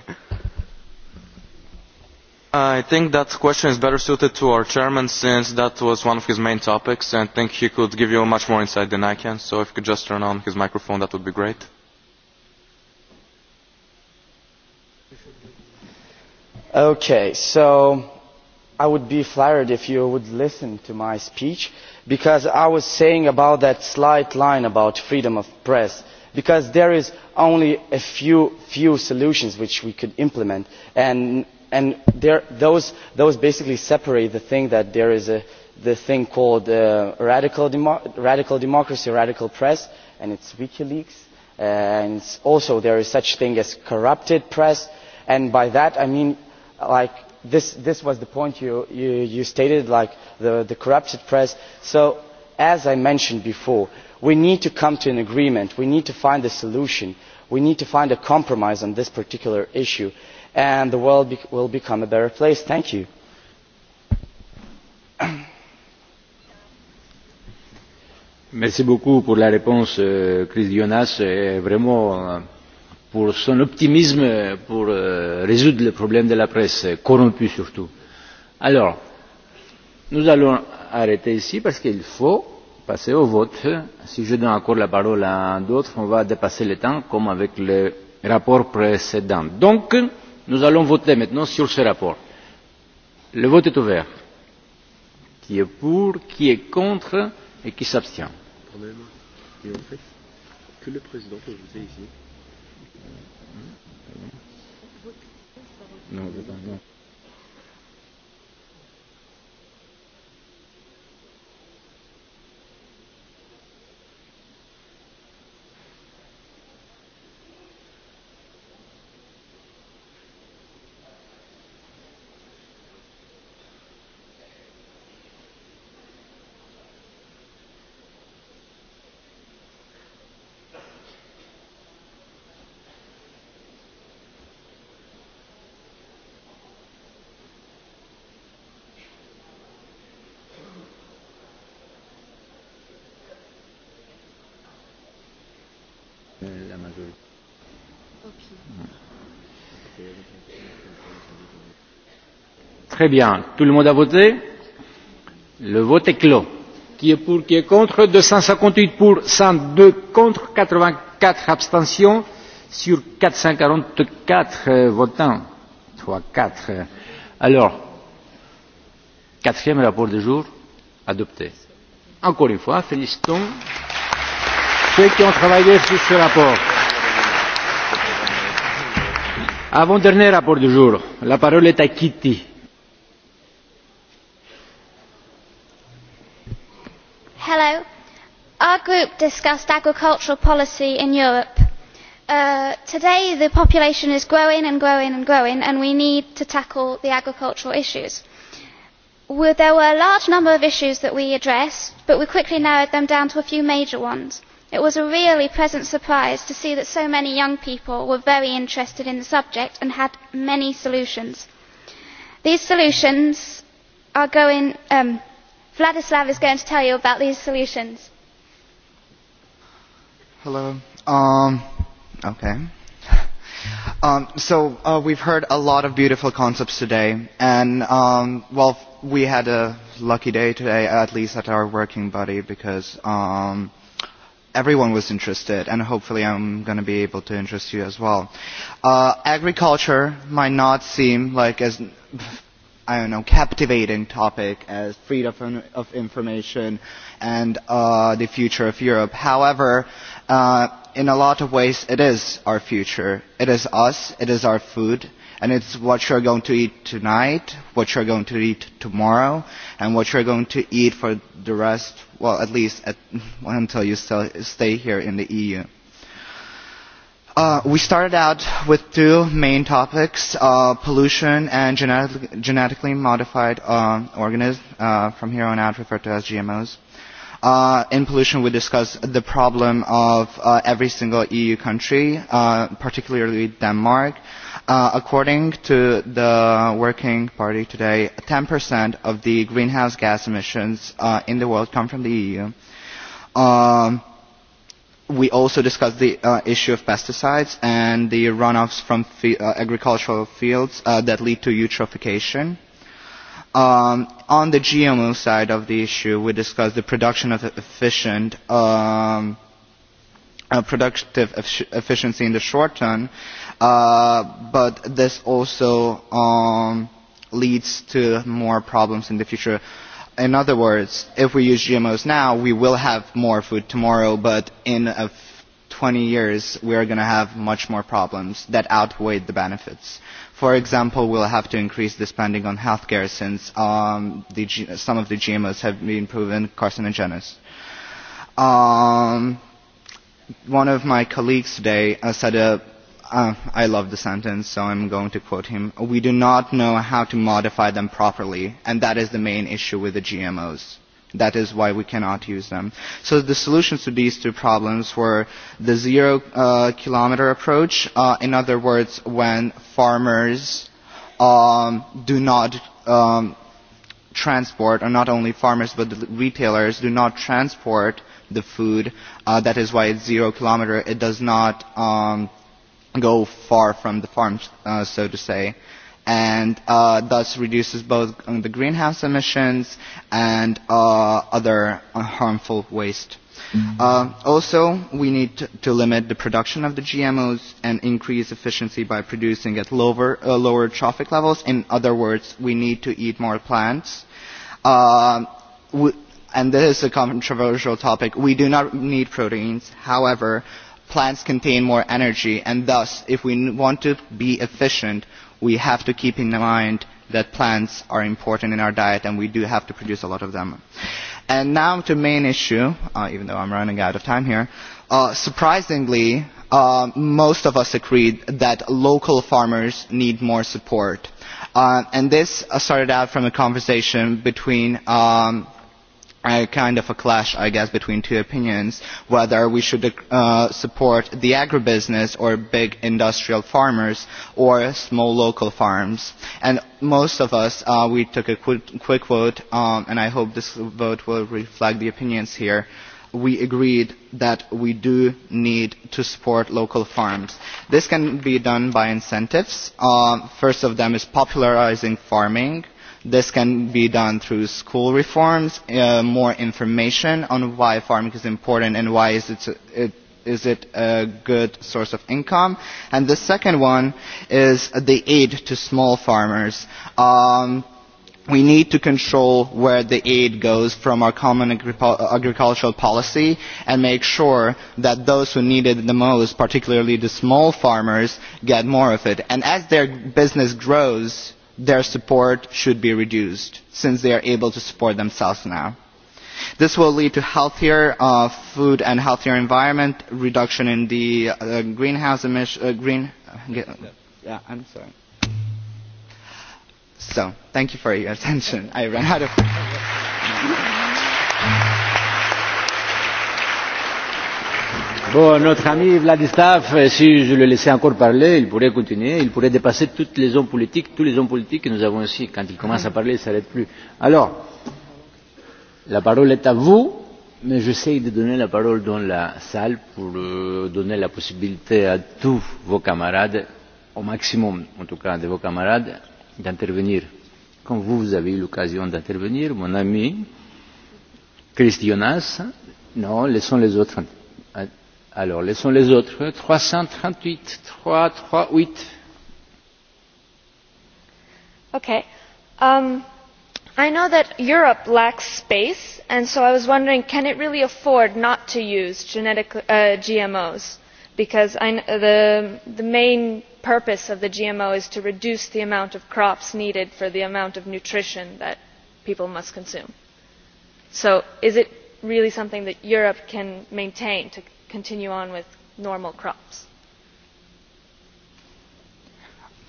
I think that question is better suited to our chairman since that was one of his main topics and I think he could give you much more insight than I can. So if you could just turn on his microphone, that would be great. Okay, so I would be flattered if you would listen to my speech because I was saying about that slight line about freedom of press because there is only a few few solutions which we could implement and and those basically separate the thing that there is a the thing called radical democracy, radical press, and it's WikiLeaks. And also there is such thing as corrupted press. And by that I mean, like this this was the point you you stated, like the the corrupted press. So as I mentioned before we need to come to an agreement we need to find a solution we need to find a compromise on this particular issue and the world will become a better place. thank you. merci beaucoup pour la réponse chris Dionas, et vraiment pour son optimisme pour résoudre le problème de la presse corrompue surtout. alors nous allons arrêter ici parce qu'il faut passer au vote. Si je donne encore la parole à d'autres, on va dépasser le temps, comme avec le rapport précédent. Donc, nous allons voter maintenant sur ce rapport. Le vote est ouvert. Qui est pour, qui est contre et qui s'abstient que le président vous ici. Très bien. Tout le monde a voté Le vote est clos. Qui est pour Qui est contre 258 pour, 102 contre, 84 abstentions sur 444 votants. 3, 4. Alors, quatrième rapport du jour, adopté. Encore une fois, félicitons ceux qui ont travaillé sur ce rapport. Avant-dernier rapport du jour, la parole est à Kitty Hello. Our group discussed agricultural policy in Europe. Today the population is growing and growing and growing and we need to tackle the agricultural issues. There were a large number of issues that we addressed, but we quickly narrowed them down to a few major ones. It was a really pleasant surprise to see that so many young people were very interested in the subject and had many solutions. These solutions are going Vladislav is going to tell you about these solutions. Hello. Um, okay. Um, so uh, we've heard a lot of beautiful concepts today, and um, well, we had a lucky day today, at least at our working body, because um, everyone was interested, and hopefully I'm going to be able to interest you as well. Uh, agriculture might not seem like as I don't know, captivating topic as freedom of information and the future of Europe. However, in a lot of ways, it is our future. It is us. It is our food. And it's what you're going to eat tonight, what you're going to eat tomorrow, and what you're going to eat for the rest, well, at least until you stay here in the EU. We started out with two main topics, pollution and genetically modified organisms, from here on out referred to as GMOs. In pollution, we discussed the problem of every single EU country, particularly Denmark. According to the Working Party today, 10% of the greenhouse gas emissions in the world come from the EU we also discussed the issue of pesticides and the runoffs from agricultural fields that lead to eutrophication. On the GMO side of the issue, we discussed the production of efficient productive efficiency in the short term, but this also leads to more problems in the future in other words if we use gmos now we will have more food tomorrow but in 20 years we are going to have much more problems that outweigh the benefits for example we'll have to increase the spending on healthcare since some of the gmos have been proven carcinogenic. um one of my colleagues today said a I love the sentence, so I'm going to quote him. We do not know how to modify them properly, and that is the main issue with the GMOs. That is why we cannot use them. So the solutions to these two problems were the zero-kilometer approach. In other words, when farmers do not transport, or not only farmers but the retailers do not transport the food, that is why it's zero-kilometer. It does not go far from the farms, so to say, and thus reduces both the greenhouse emissions and other harmful waste. Also, we need to limit the production of the GMOs and increase efficiency by producing at lower trophic levels. In other words, we need to eat more plants. And this is a controversial topic. We do not need proteins. However, plants contain more energy and thus if we want to be efficient we have to keep in mind that plants are important in our diet and we do have to produce a lot of them. And now to the main issue, even though I'm running out of time here. Surprisingly, most of us agreed that local farmers need more support. And this started out from a conversation between a kind of a clash i guess between two opinions whether we should support the agribusiness or big industrial farmers or small local farms and most of us we took a quick vote and i hope this vote will reflect the opinions here we agreed that we do need to support local farms. this can be done by incentives. first of them is popularising farming. This can be done through school reforms, more information on why farming is important and why is it is it a good source of income. And the second one is the aid to small farmers. We need to control where the aid goes from our common agricultural policy and make sure that those who need it the most, particularly the small farmers, get more of it. And as their business grows their support should be reduced since they are able to support themselves now. This will lead to healthier food and healthier environment, reduction in the greenhouse emissions. Green, yeah, I'm sorry. So, thank you for your attention. I ran out of. Bon, notre ami Vladislav, si je le laissais encore parler, il pourrait continuer, il pourrait dépasser toutes les hommes politiques, tous les hommes politiques que nous avons ici. Quand il commence à parler, il ne s'arrête plus. Alors, la parole est à vous, mais j'essaie de donner la parole dans la salle pour donner la possibilité à tous vos camarades, au maximum en tout cas de vos camarades, d'intervenir. Comme vous, vous avez eu l'occasion d'intervenir, mon ami Christianas, non, laissons les autres Alors, laissons les autres. 338, 338. OK. Um, I know that Europe lacks space, and so I was wondering, can it really afford not to use genetic uh, GMOs? Because I, the, the main purpose of the GMO is to reduce the amount of crops needed for the amount of nutrition that people must consume. So is it really something that Europe can maintain to continue on with normal crops?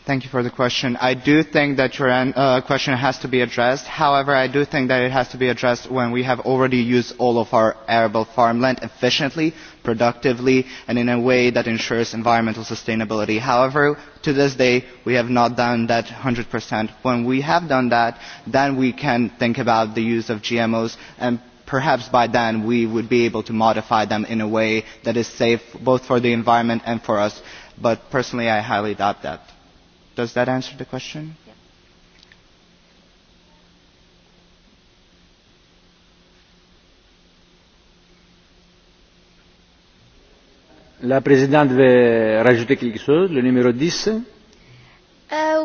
Thank you for the question. I do think that your question has to be addressed. However, I do think that it has to be addressed when we have already used all of our arable farmland efficiently, productively, and in a way that ensures environmental sustainability. However, to this day, we have not done that 100%. When we have done that, then we can think about the use of GMOs and perhaps by then we would be able to modify them in a way that is safe both for the environment and for us. But personally, I highly doubt that. Does that answer the question? La présidente veut rajouter quelque chose, le numéro 10.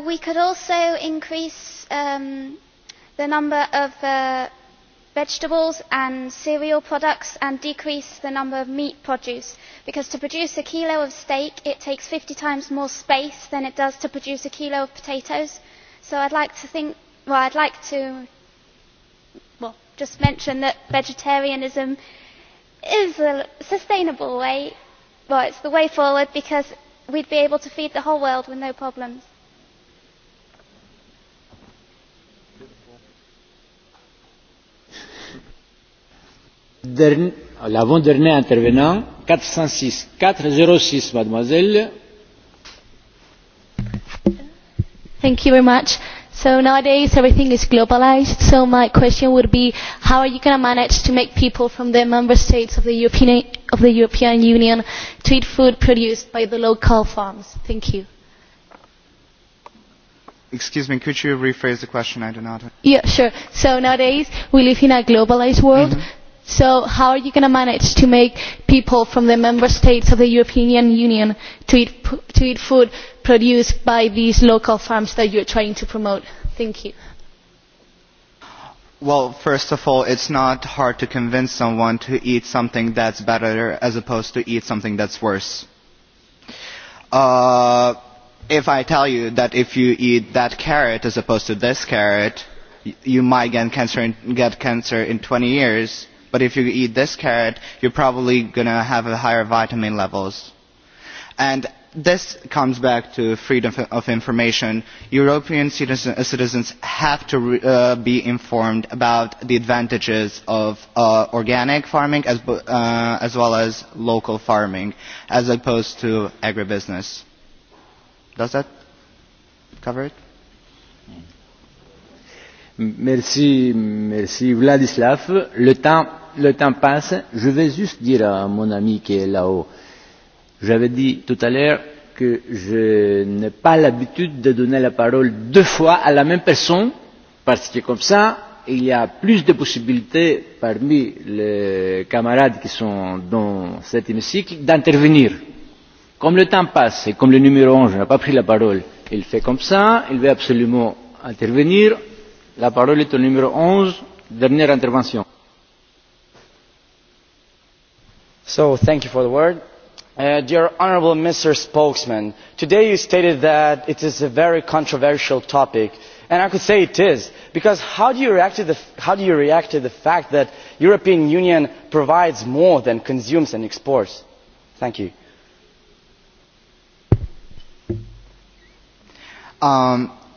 We could also increase the number of vegetables and cereal products and decrease the number of meat produce because to produce a kilo of steak it takes 50 times more space than it does to produce a kilo of potatoes. So I'd like to think, well, I'd like to well, just mention that vegetarianism is a sustainable way, well, it's the way forward because we'd be able to feed the whole world with no problems. L'avant-dernier intervenant, 406, 406, mademoiselle. Thank you very much. So nowadays everything is globalized. So my question would be, how are you going to manage to make people from the member states of the European of the European Union to eat food produced by the local farms? Thank you. Excuse me, could you rephrase the question? I do not. Yeah, sure. So nowadays we live in a globalized world. So how are you going to manage to make people from the member states of the European Union to eat food produced by these local farms that you are trying to promote? Thank you. Well, first of all, it's not hard to convince someone to eat something that's better as opposed to eat something that's worse. If I tell you that if you eat that carrot as opposed to this carrot, you might get cancer in 20 years but if you eat this carrot you're probably going to have higher vitamin levels and this comes back to freedom of information european citizens have to be informed about the advantages of organic farming as well as local farming as opposed to agribusiness does that cover it Merci, merci Vladislav. Le temps, le temps passe. Je vais juste dire à mon ami qui est là-haut. J'avais dit tout à l'heure que je n'ai pas l'habitude de donner la parole deux fois à la même personne, parce que comme ça, il y a plus de possibilités parmi les camarades qui sont dans cet hémicycle d'intervenir. Comme le temps passe et comme le numéro 11 n'a pas pris la parole, il fait comme ça, il veut absolument intervenir La parole est au numéro 11, dernière intervention. So, thank you for the word. Dear Honourable Mr. Spokesman, today you stated that it is a very controversial topic, and I could say it is, because how do you react to the how do you react to the fact that European Union provides more than consumes and exports? Thank you.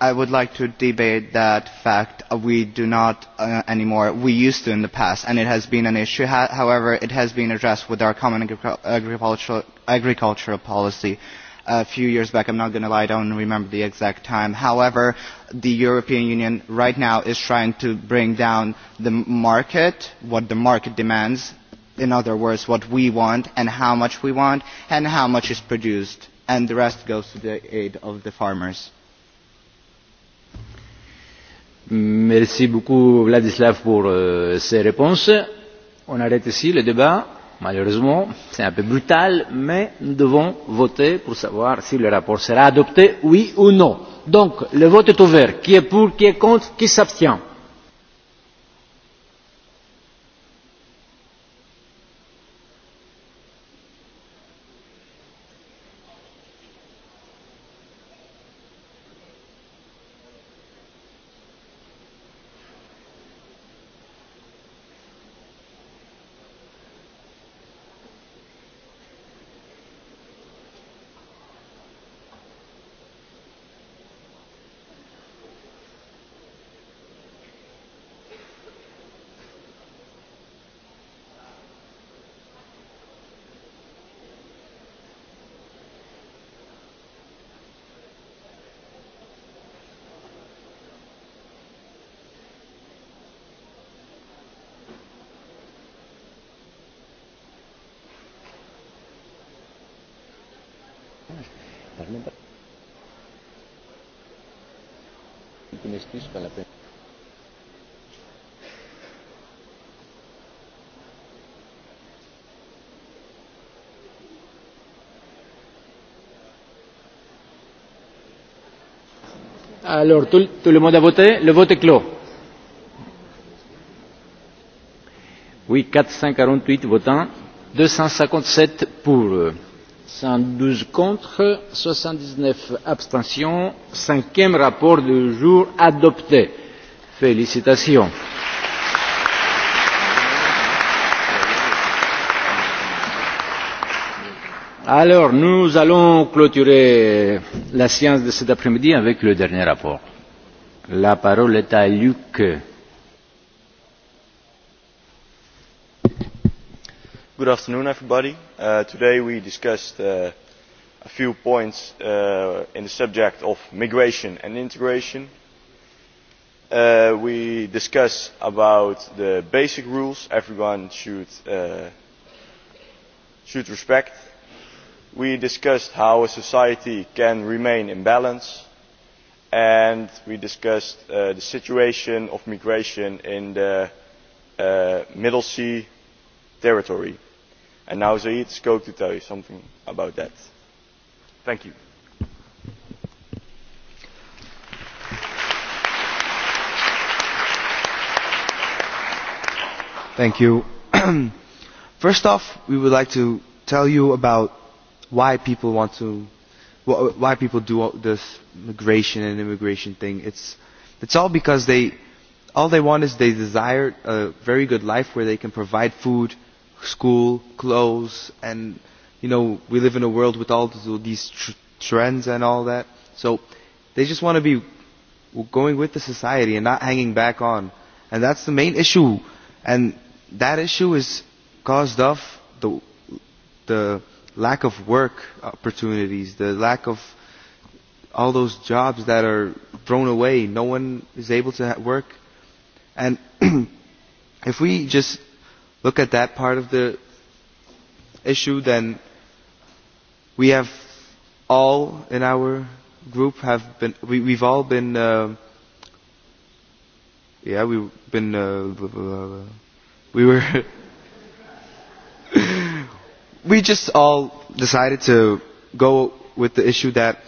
I would like to debate that fact. We do not anymore. We used to in the past, and it has been an issue. However, it has been addressed with our common agricultural policy a few years back. I'm not going to lie, I don't remember the exact time. However, the European Union right now is trying to bring down the market, what the market demands, in other words, what we want and how much we want and how much is produced, and the rest goes to the aid of the farmers. Merci beaucoup Vladislav pour ces réponses. On arrête ici le débat. Malheureusement, c'est un peu brutal, mais nous devons voter pour savoir si le rapport sera adopté, oui ou non. Donc, le vote est ouvert. Qui est pour, qui est contre, qui s'abstient tout, le monde a voté Le vote est clos. Oui, 448 votants, 257 pour, 112 contre, 79 abstentions. Cinquième rapport du jour adopté. Félicitations. Alors, nous allons clôturer la séance de cet après-midi avec le dernier rapport. La parole est à Luc. Good afternoon, everybody. Uh, today we discussed uh, a few points uh, in the subject of migration and integration. Uh, we discuss about the basic rules everyone should, uh, should respect we discussed how a society can remain in balance and we discussed the situation of migration in the middle sea territory and now zaid is going to tell you something about that. thank you. thank you. first off we would like to tell you about why people want to why people do this migration and immigration thing it's it's all because they all they want is they desire a very good life where they can provide food school clothes and you know we live in a world with all these trends and all that so they just want to be going with the society and not hanging back on and that's the main issue and that issue is caused of the the lack of work opportunities, the lack of all those jobs that are thrown away. No one is able to work. And if we just look at that part of the issue, then we have all in our group have been, we, we've all been, uh, yeah, we've been, uh, we were we just all decided to go with the issue that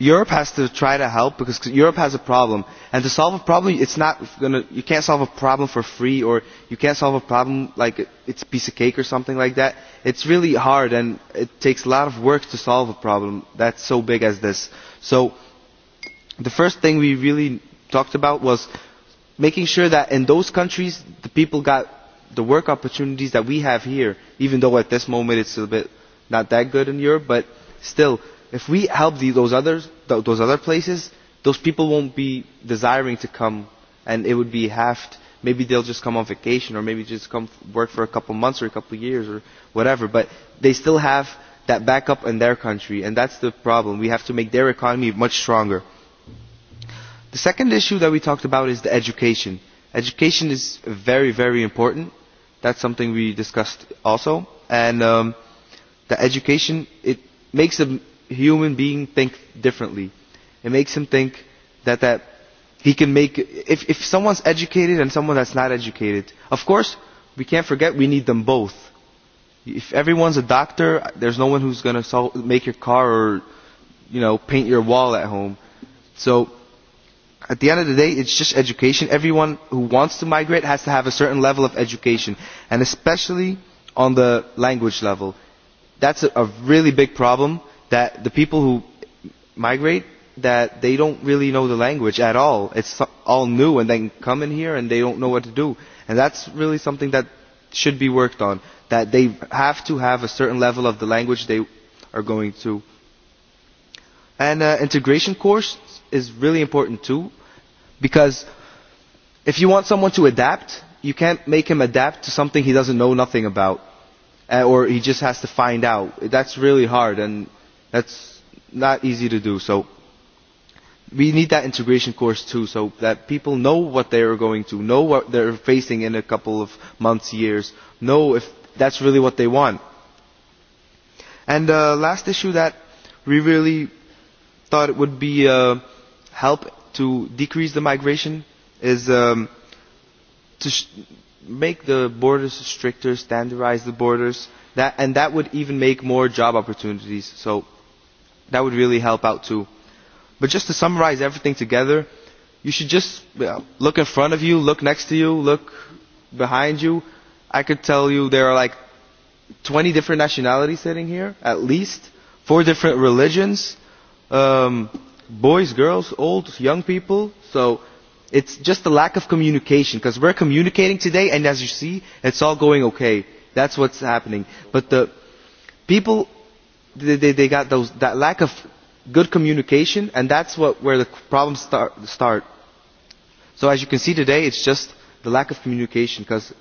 Europe has to try to help because Europe has a problem, and to solve a problem, it's not gonna. You can't solve a problem for free, or you can't solve a problem like it's a piece of cake or something like that. It's really hard, and it takes a lot of work to solve a problem that's so big as this. So, the first thing we really talked about was making sure that in those countries the people got the work opportunities that we have here, even though at this moment it's a bit not that good in Europe, but still, if we help those others, those other places, those people won't be desiring to come, and it would be half. Maybe they'll just come on vacation, or maybe just come work for a couple months or a couple years or whatever. But they still have that backup in their country, and that's the problem. We have to make their economy much stronger. The second issue that we talked about is the education. Education is very, very important That's something we discussed also. And the education, it makes a human being think differently. It makes him think that that he can make if if someone's educated and someone that's not educated. Of course, we can't forget we need them both. If everyone's a doctor, there's no one who's going to make your car or you know paint your wall at home. So At the end of the day, it's just education. Everyone who wants to migrate has to have a certain level of education, and especially on the language level. That's a really big problem that the people who migrate, that they don't really know the language at all. It's all new, and then come in here and they don't know what to do. And that's really something that should be worked on, that they have to have a certain level of the language they are going to. And integration course is really important too because if you want someone to adapt you can't make him adapt to something he doesn't know nothing about or he just has to find out that's really hard and that's not easy to do so we need that integration course too so that people know what they are going to know what they're facing in a couple of months years know if that's really what they want and the last issue that we really thought it would be help to decrease the migration is to make the borders stricter, standardize the borders, that and that would even make more job opportunities. So that would really help out too. But just to summarize everything together, you should just look in front of you, look next to you, look behind you. I could tell you there are like 20 different nationalities sitting here, at least, four different religions. Um, boys, girls, old, young people. So it's just a lack of communication because we're communicating today and as you see, it's all going okay. That's what's happening. But the people, they, they, got those, that lack of good communication and that's what, where the problems start, start. So as you can see today, it's just the lack of communication because,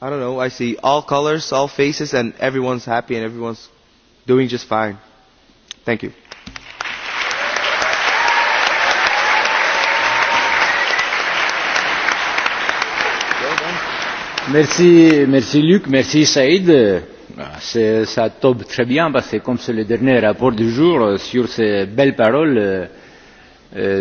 I don't know, I see all colors, all faces and everyone's happy and everyone's doing just fine. Thank you. Merci, merci Luc, merci Saïd. Ça tombe très bien parce que comme c'est le dernier rapport du jour, sur ces belles paroles,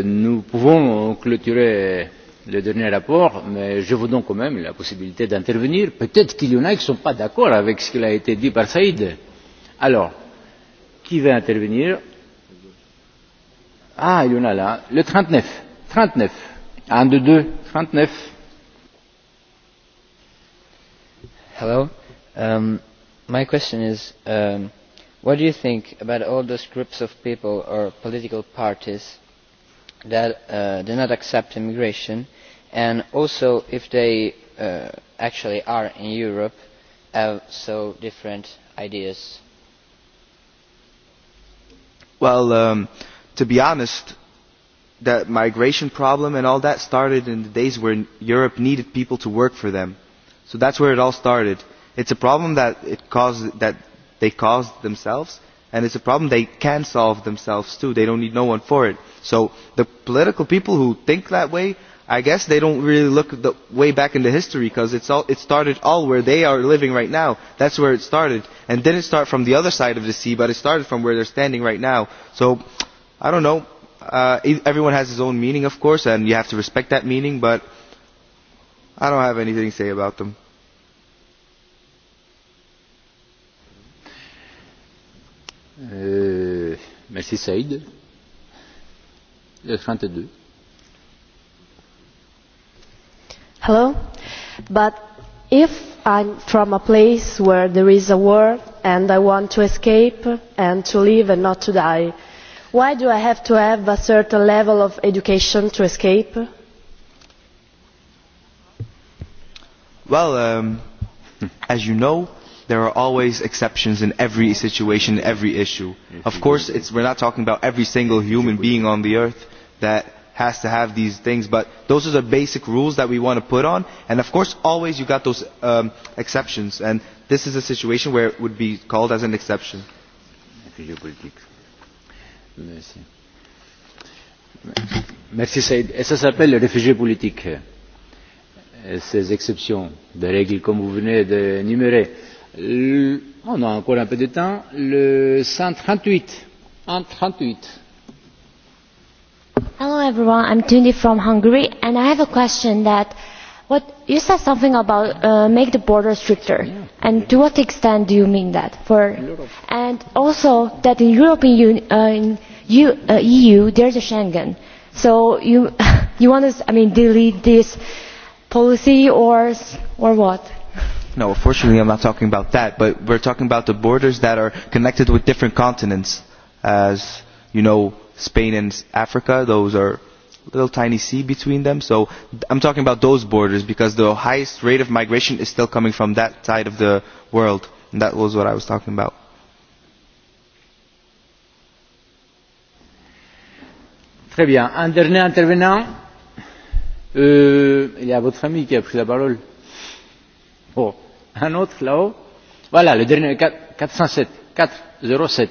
nous pouvons clôturer le dernier rapport, mais je vous donne quand même la possibilité d'intervenir. Peut-être qu'il y en a qui ne sont pas d'accord avec ce qui a été dit par Saïd. Alors, qui veut intervenir Ah, il y en a là. Le 39. 39. 1, 2, 2, 39. Hello. Um, my question is, um, what do you think about all those groups of people or political parties that uh, do not accept immigration, and also if they uh, actually are in Europe, have so different ideas? Well, um, to be honest, the migration problem and all that started in the days when Europe needed people to work for them So that's where it all started. It's a problem that it caused that they caused themselves and it's a problem they can solve themselves too. They don't need no one for it. So the political people who think that way, I guess they don't really look the way back into history because it's all it started all where they are living right now. That's where it started. And didn't start from the other side of the sea, but it started from where they're standing right now. So I don't know. Uh, everyone has his own meaning, of course, and you have to respect that meaning, but I don't have anything to say about them. Merci Saïd. Hello. But if I'm from a place where there is a war and I want to escape and to live and not to die, why do I have to have a certain level of education to escape? Well, as you know there are always exceptions in every situation, every issue. Of course, it's, we're not talking about every single human being on the earth that has to have these things, but those are the basic rules that we want to put on. And of course, always you got those um, exceptions. And this is a situation where it would be called as an exception. Merci Saïd. Et s'appelle le réfugié politique. Ces exceptions de règles comme vous venez d'énumérer on a encore un le 138 138 Hello everyone I'm Tundi from Hungary and I have a question that what you said something about make the border stricter and to what extent do you mean that for and also that in European EU there's a Schengen so you you want to I mean delete this policy or or what No, fortunately I'm not talking about that, but we're talking about the borders that are connected with different continents. As you know, Spain and Africa, those are a little tiny sea between them. So I'm talking about those borders because the highest rate of migration is still coming from that side of the world. And that was what I was talking about. Très bien. Un dernier intervenant. Euh, il y a votre qui a pris la parole. Un autre là-haut. Voilà, le dernier 407. 407.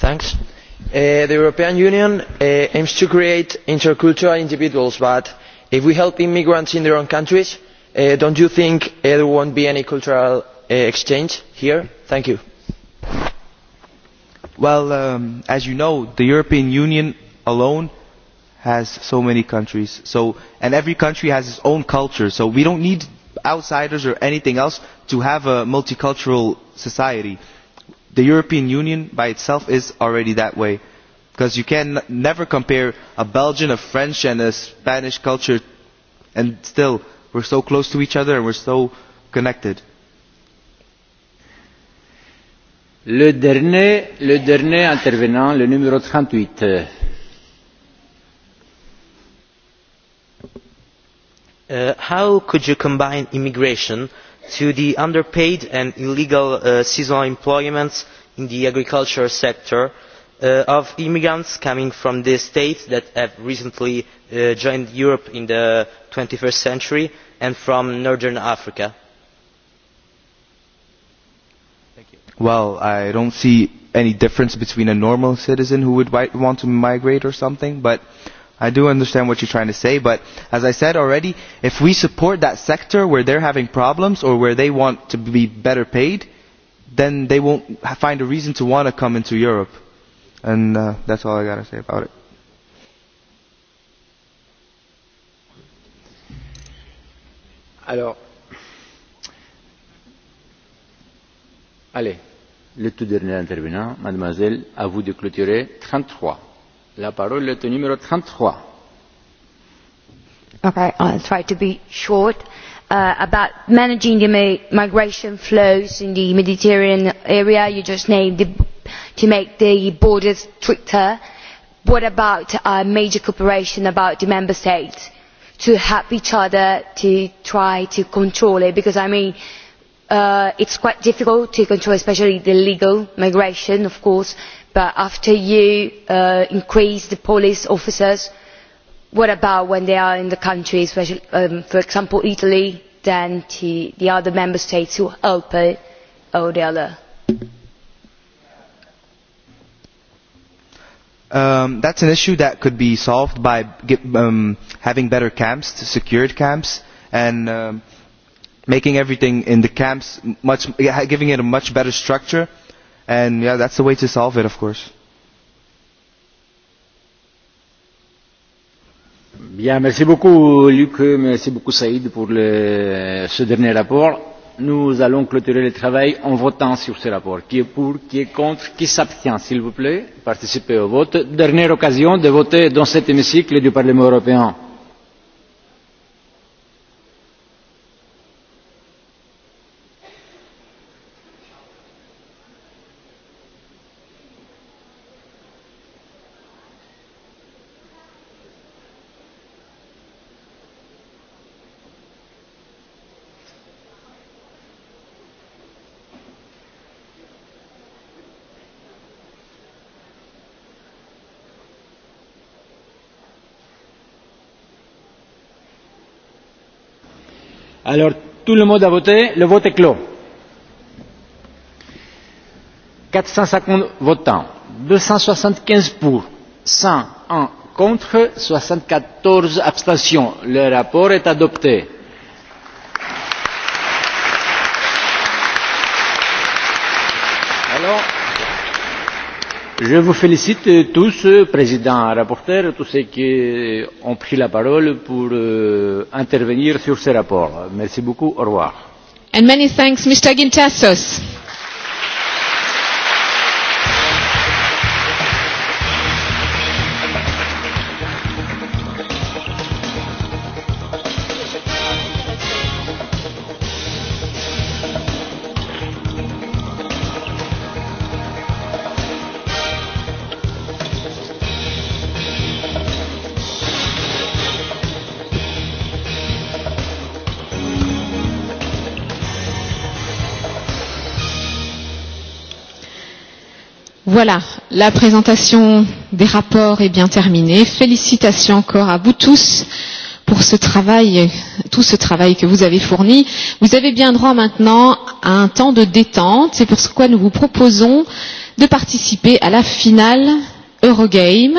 Thanks. the European Union aims to create intercultural individuals, but if we help immigrants in their own countries, uh, don't you think uh, there won't be any cultural exchange here? Thank you. Well, as you know, the European Union alone has so many countries so and every country has its own culture so we don't need outsiders or anything else to have a multicultural society the european union by itself is already that way because you can never compare a belgian a french and a spanish culture and still we're so close to each other and we're so connected le intervenant le numéro how could you combine immigration with the underpaid and illegal seasonal employment in the agricultural sector of immigrants coming from the states that have recently joined europe in the twenty first century and from northern africa? i i don't see any difference between a normal citizen who would want to migrate or something but I do understand what you're trying to say, but as I said already, if we support that sector where they're having problems or where they want to be better paid, then they won't find a reason to want to come into Europe. And that's all I got to say about it. Alors, allez, le tout dernier intervenant, mademoiselle, à vous de clôturer 33. La parole est au numéro 33. Okay, I'll try to be short. About managing the migration flows in the Mediterranean area, you just named to make the borders stricter. What about major cooperation about the member states to help each other to try to control it? Because I mean, it's quite difficult to control, especially the legal migration, of course but after you increase the police officers what about when they are in the country for example italy then the other member states who help or the other? That's an issue that could be solved by having better camps, secured camps, and making everything in the camps much, giving it a much better structure And yeah, that's the way to solve it, of course. Bien, merci beaucoup Luc, merci beaucoup Saïd pour le, ce dernier rapport. Nous allons clôturer le travail en votant sur ce rapport. Qui est pour, qui est contre, qui s'abstient, s'il vous plaît. Participez au vote. Dernière occasion de voter dans cet hémicycle du Parlement européen Alors, tout le monde a voté. Le vote est clos. 450 votants. 275 pour. 101 contre. 74 abstentions. Le rapport est adopté. Je vous félicite tous, président, rapporteur, tous ceux qui ont pris la parole pour intervenir sur ce rapport. Merci beaucoup. Au revoir. And many thanks, Mr. Voilà, la présentation des rapports est bien terminée. Félicitations encore à vous tous pour ce travail, tout ce travail que vous avez fourni. Vous avez bien droit maintenant à un temps de détente. C'est pour ce quoi nous vous proposons de participer à la finale Eurogame.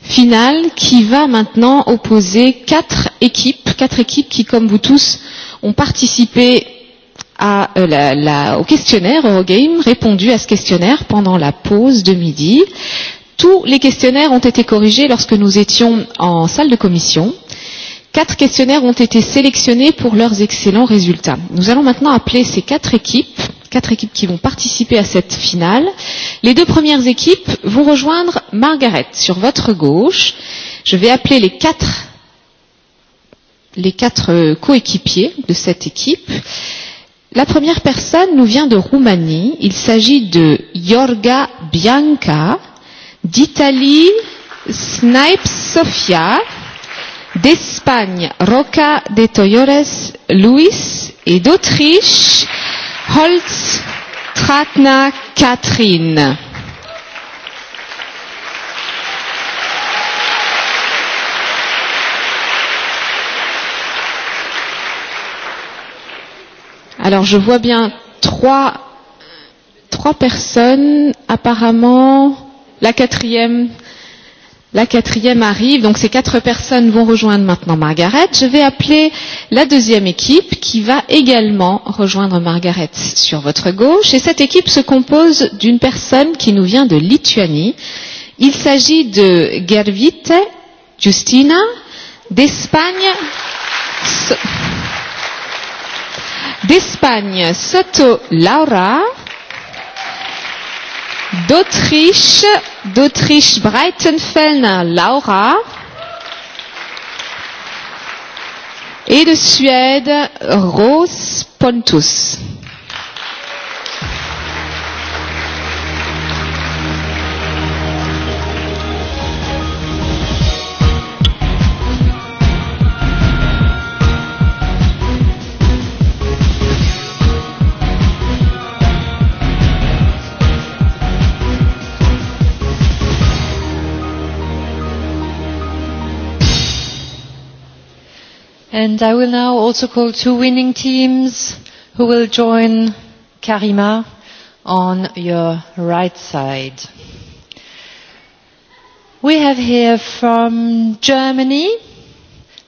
Finale qui va maintenant opposer quatre équipes, quatre équipes qui, comme vous tous, ont participé à la la au questionnaire Eurogame répondu à ce questionnaire pendant la pause de midi tous les questionnaires ont été corrigés lorsque nous étions en salle de commission quatre questionnaires ont été sélectionnés pour leurs excellents résultats nous allons maintenant appeler ces quatre équipes quatre équipes qui vont participer à cette finale les deux premières équipes vont rejoindre Margaret sur votre gauche je vais appeler les quatre les quatre coéquipiers de cette équipe La première personne nous vient de Roumanie. Il s'agit de Yorga Bianca, d'Italie Snipe Sofia, d'Espagne Roca de Toyores Luis et d'Autriche Holz Tratna Catherine. Alors, je vois bien trois, trois personnes. Apparemment, la quatrième, la quatrième arrive. Donc, ces quatre personnes vont rejoindre maintenant Margaret. Je vais appeler la deuxième équipe qui va également rejoindre Margaret sur votre gauche. Et cette équipe se compose d'une personne qui nous vient de Lituanie. Il s'agit de Gervite Justina d'Espagne d'Espagne, Soto Laura. D'Autriche, d'Autriche, Breitenfeld Laura. Et de Suède, Rose Pontus. And I will now also call two winning teams who will join Karima on your right side. We have here from Germany,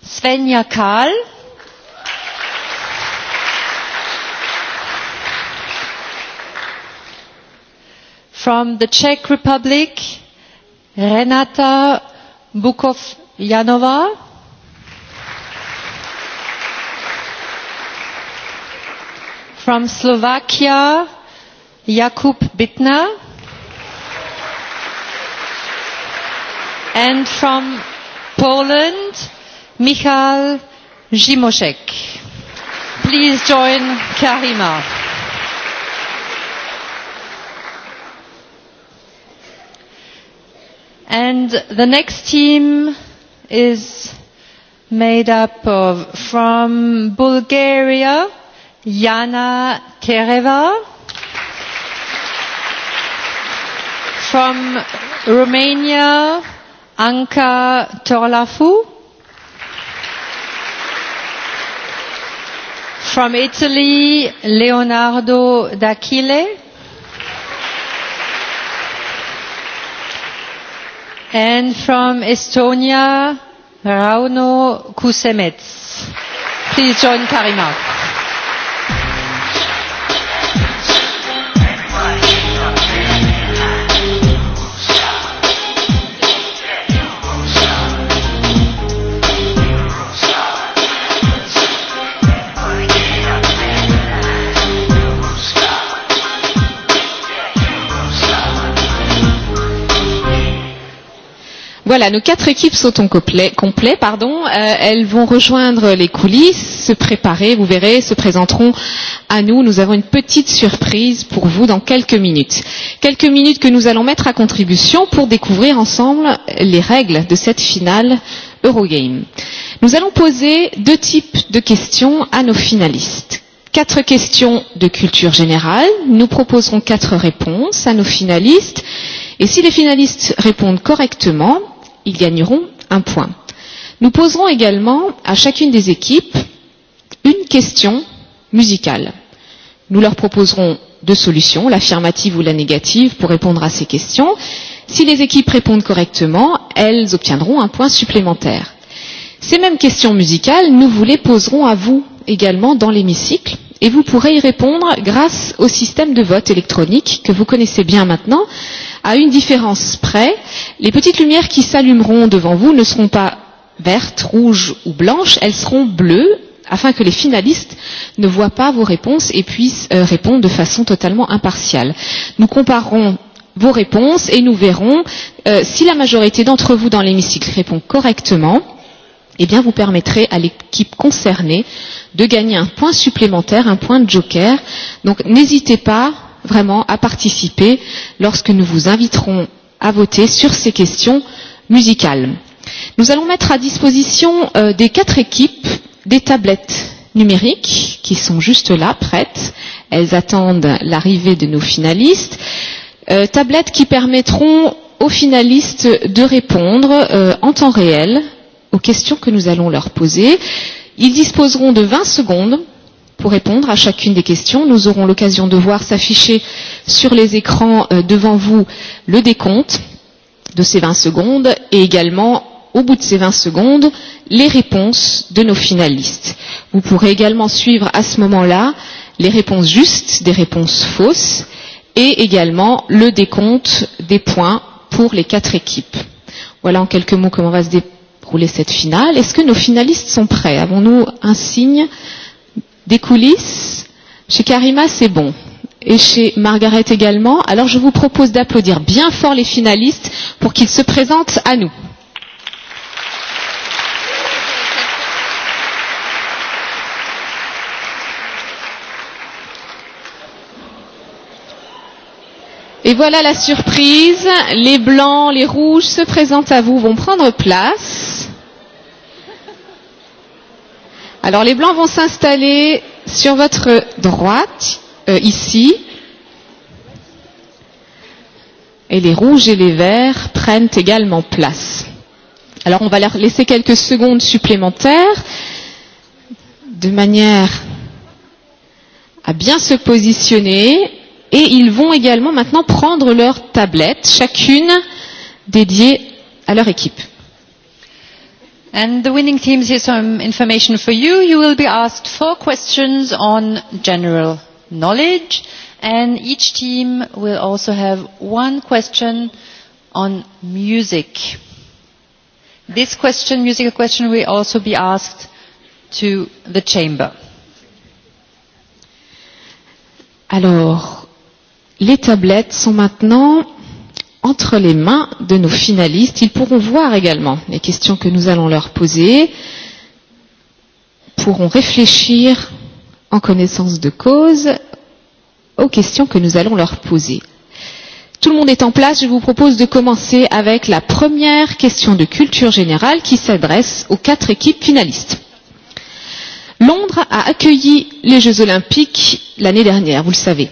Svenja Karl From the Czech Republic, Renata Bukov Janova, From Slovakia, Jakub Bitna, And from Poland, Michal Zimoszek. Please join Karima. And the next team is made up of from Bulgaria, Jana Kereva from Romania Anka Torlafu from Italy Leonardo D'Achille and from Estonia Rauno Kusemets please join Karima Voilà, nos quatre équipes sont en complet, pardon. elles vont rejoindre les coulisses, se préparer, vous verrez, se présenteront à nous. Nous avons une petite surprise pour vous dans quelques minutes. Quelques minutes que nous allons mettre à contribution pour découvrir ensemble les règles de cette finale Eurogame. Nous allons poser deux types de questions à nos finalistes. Quatre questions de culture générale. Nous proposerons quatre réponses à nos finalistes. Et si les finalistes répondent correctement, ils gagneront un point. Nous poserons également à chacune des équipes une question musicale. Nous leur proposerons deux solutions, l'affirmative ou la négative, pour répondre à ces questions. Si les équipes répondent correctement, elles obtiendront un point supplémentaire. Ces mêmes questions musicales, nous vous les poserons à vous également dans l'hémicycle et vous pourrez y répondre grâce au système de vote électronique que vous connaissez bien maintenant. À une différence près, les petites lumières qui s'allumeront devant vous ne seront pas vertes, rouges ou blanches, elles seront bleues afin que les finalistes ne voient pas vos réponses et puissent répondre de façon totalement impartiale. Nous comparerons vos réponses et nous verrons si la majorité d'entre vous dans l'hémicycle répond correctement eh bien vous permettrez à l'équipe concernée de gagner un point supplémentaire, un point de joker. Donc n'hésitez pas vraiment à participer lorsque nous vous inviterons à voter sur ces questions musicales. Nous allons mettre à disposition des quatre équipes des tablettes numériques qui sont juste là, prêtes. Elles attendent l'arrivée de nos finalistes. Tablettes qui permettront aux finalistes de répondre en temps réel aux questions que nous allons leur poser. Ils disposeront de 20 secondes pour répondre à chacune des questions. Nous aurons l'occasion de voir s'afficher sur les écrans devant vous le décompte de ces 20 secondes et également, au bout de ces 20 secondes, les réponses de nos finalistes. Vous pourrez également suivre à ce moment-là les réponses justes, des réponses fausses et également le décompte des points pour les quatre équipes. Voilà en quelques mots comment va se dérouler cette finale. Est-ce que nos finalistes sont prêts Avons-nous un signe des coulisses Chez Karima, c'est bon. Et chez Margaret également. Alors je vous propose d'applaudir bien fort les finalistes pour qu'ils se présentent à nous. Et voilà la surprise. Les blancs, les rouges se présentent à vous, vont prendre place. Alors les blancs vont s'installer sur votre droite, ici. Et les rouges et les verts prennent également place. Alors on va leur laisser quelques secondes supplémentaires de manière à bien se positionner. Et ils vont également maintenant prendre leur tablette, chacune dédiée à leur équipe. And the winning teams, here's some information for you. You will be asked four questions on general knowledge, and each team will also have one question on music. This question, musical question, will also be asked to the chamber. Alors, les tablettes sont maintenant entre les mains de nos finalistes. Ils pourront voir également les questions que nous allons leur poser, pourront réfléchir en connaissance de cause aux questions que nous allons leur poser. Tout le monde est en place, je vous propose de commencer avec la première question de culture générale qui s'adresse aux quatre équipes finalistes. Londres a accueilli les Jeux olympiques l'année dernière, vous le savez.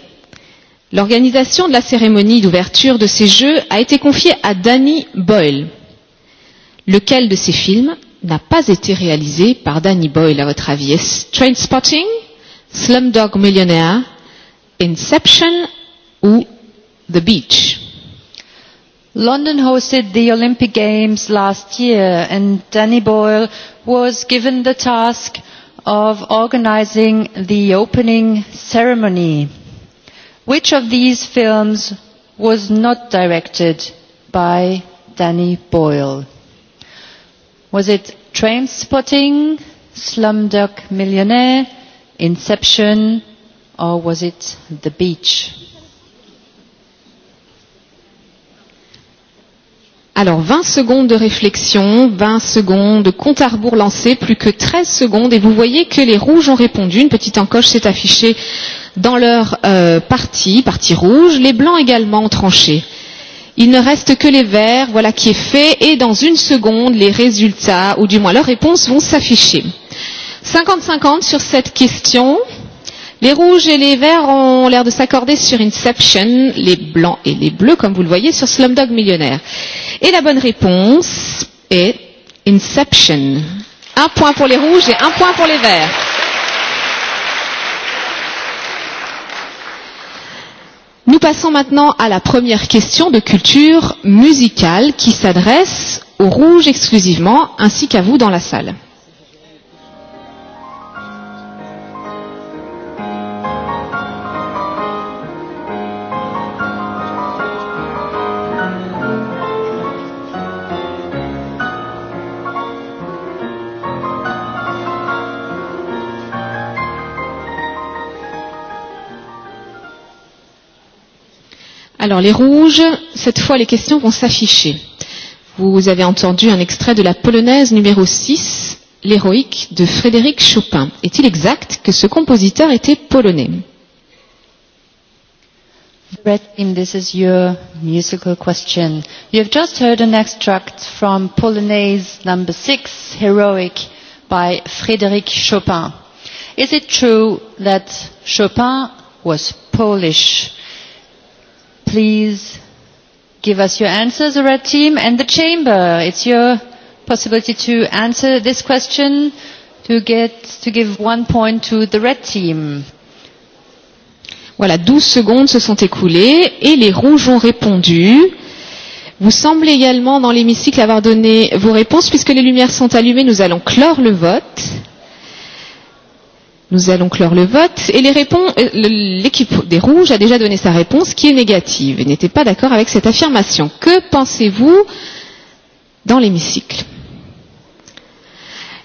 L'organisation de la cérémonie d'ouverture de ces Jeux a été confiée à Danny Boyle. Lequel de ces films n'a pas été réalisé par Danny Boyle, à votre avis Est-ce Trainspotting, Slumdog Millionaire, Inception ou The Beach London hosted the Olympic Games last year and Danny Boyle was given the task of organizing the opening ceremony. Which of these films was not directed by Danny Boyle? Was it Train Spotting, Slumdog Millionaire, Inception, or was it The Beach? Alors 20 secondes de réflexion, 20 secondes compte à rebours lancé, plus que 13 secondes et vous voyez que les rouges ont répondu, une petite encoche s'est affichée dans leur partie, parti rouge, les blancs également ont tranché. Il ne reste que les verts, voilà qui est fait, et dans une seconde, les résultats, ou du moins leurs réponses, vont s'afficher. 50-50 sur cette question. Les rouges et les verts ont l'air de s'accorder sur Inception, les blancs et les bleus, comme vous le voyez, sur Slumdog Millionnaire. Et la bonne réponse est Inception. Un point pour les rouges et un point pour les verts. Nous passons maintenant à la première question de culture musicale qui s'adresse aux rouges exclusivement ainsi qu'à vous dans la salle. Alors les rouges, cette fois les questions vont s'afficher. Vous avez entendu un extrait de la polonaise numéro 6, l'héroïque de Frédéric Chopin. Est-il exact que ce compositeur était polonais Red team, this is your musical question. You have just heard an extract from Polonaise number six, Heroic, by Frédéric Chopin. Is it true that Chopin was Polish? please give us your answers, the red team and the chamber. It's your possibility to answer this question to get to give one point to the red team. Voilà, 12 secondes se sont écoulées et les rouges ont répondu. Vous semblez également dans l'hémicycle avoir donné vos réponses puisque les lumières sont allumées, nous allons clore le vote. Nous allons clore le vote et l'équipe des rouges a déjà donné sa réponse qui est négative et n'était pas d'accord avec cette affirmation. Que pensez-vous dans l'hémicycle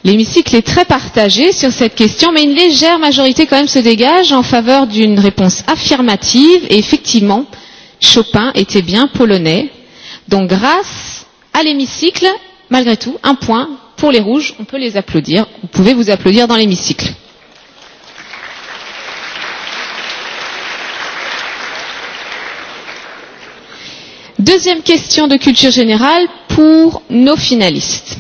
L'hémicycle est très partagé sur cette question mais une légère majorité quand même se dégage en faveur d'une réponse affirmative et effectivement Chopin était bien polonais. Donc grâce à l'hémicycle, malgré tout, un point pour les rouges, on peut les applaudir. Vous pouvez vous applaudir dans l'hémicycle. Deuxième question de culture générale pour nos finalistes.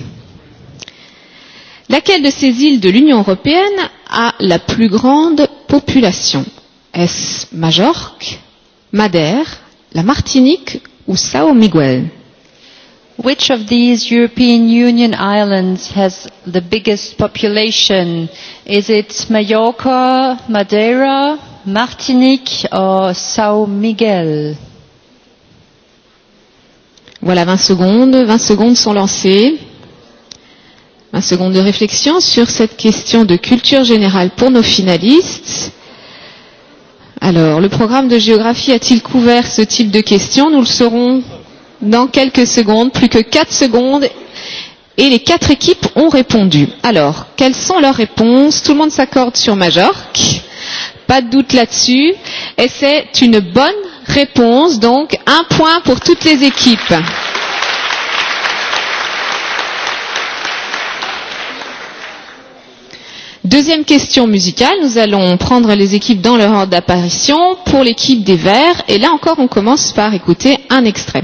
Laquelle de ces îles de l'Union européenne a la plus grande population Est-ce Majorque, Madère, la Martinique ou Sao Miguel Which of these European Union islands has the biggest population Is it Mallorca, Madeira, Martinique or Sao Miguel Voilà, 20 secondes. 20 secondes sont lancées. 20 secondes de réflexion sur cette question de culture générale pour nos finalistes. Alors, le programme de géographie a-t-il couvert ce type de questions Nous le saurons dans quelques secondes, plus que 4 secondes. Et les quatre équipes ont répondu. Alors, quelles sont leurs réponses Tout le monde s'accorde sur Majorque. Pas de doute là-dessus. Et c'est une bonne Réponse Donc, un point pour toutes les équipes. Deuxième question musicale, nous allons prendre les équipes dans leur ordre d'apparition pour l'équipe des Verts. Et là encore, on commence par écouter un extrait.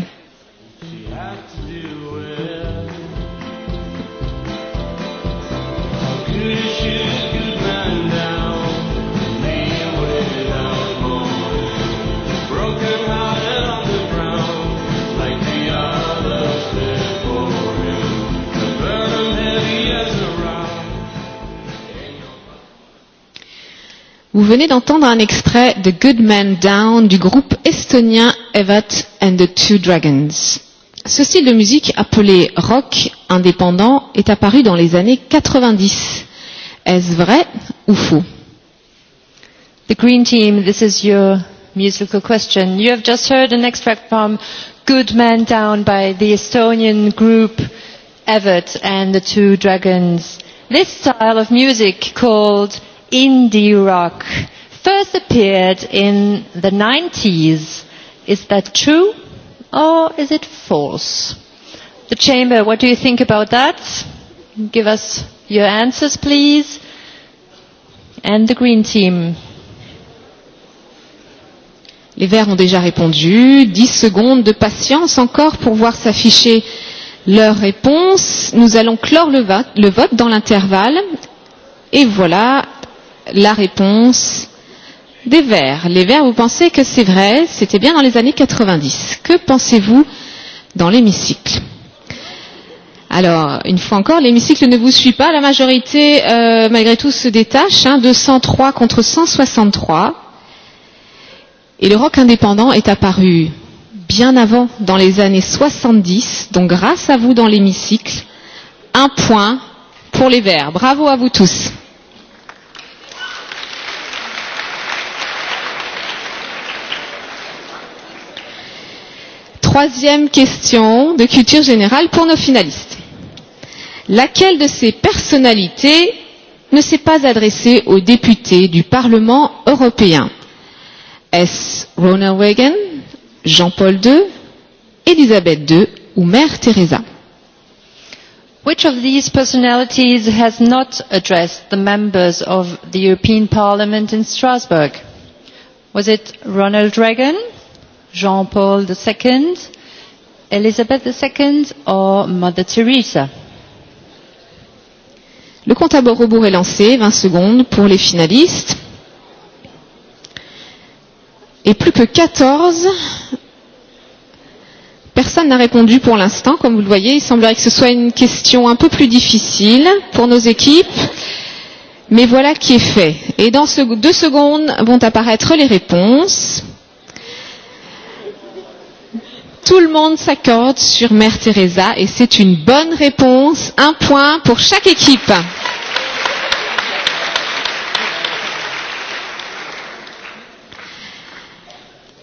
Vous venez d'entendre un extrait de Good Man Down du groupe estonien Evert and the Two Dragons. Ce style de musique appelé rock indépendant est apparu dans les années 90. Est-ce vrai ou faux? The Green Team, this is your musical question. You have just heard an extract from Good Man Down by the Estonian group Evert and the Two Dragons. This style of music called indie rock first appeared in the 90s. Is that true or is it false? The Chamber, what do you think about that? Give us your answers, please. And the Green Team. Les Verts ont déjà répondu. 10 secondes de patience encore pour voir s'afficher leur réponse. Nous allons clore le vote dans l'intervalle. Et voilà, la réponse des Verts. Les Verts, vous pensez que c'est vrai, c'était bien dans les années 90. Que pensez-vous dans l'hémicycle Alors, une fois encore, l'hémicycle ne vous suit pas. La majorité, malgré tout, se détache. Hein, 203 contre 163. Et le rock indépendant est apparu bien avant, dans les années 70. Donc, grâce à vous dans l'hémicycle, un point pour les Verts. Bravo à vous tous. troisième question de culture générale pour nos finalistes. Laquelle de ces personnalités ne s'est pas adressée aux députés du Parlement européen Est-ce Ronald Reagan, Jean-Paul II, Elisabeth II ou Mère Teresa Which of these personalities has not addressed the members of the European Parliament in Strasbourg Was it Ronald Reagan Jean Paul II, Elizabeth II ou Mother Teresa? Le compte à rebours est lancé, 20 secondes pour les finalistes. Et plus que 14. Personne n'a répondu pour l'instant, comme vous le voyez. Il semblerait que ce soit une question un peu plus difficile pour nos équipes. Mais voilà qui est fait. Et dans deux secondes vont apparaître les réponses. Tout le monde s'accorde sur Mère Teresa et c'est une bonne réponse. Un point pour chaque équipe.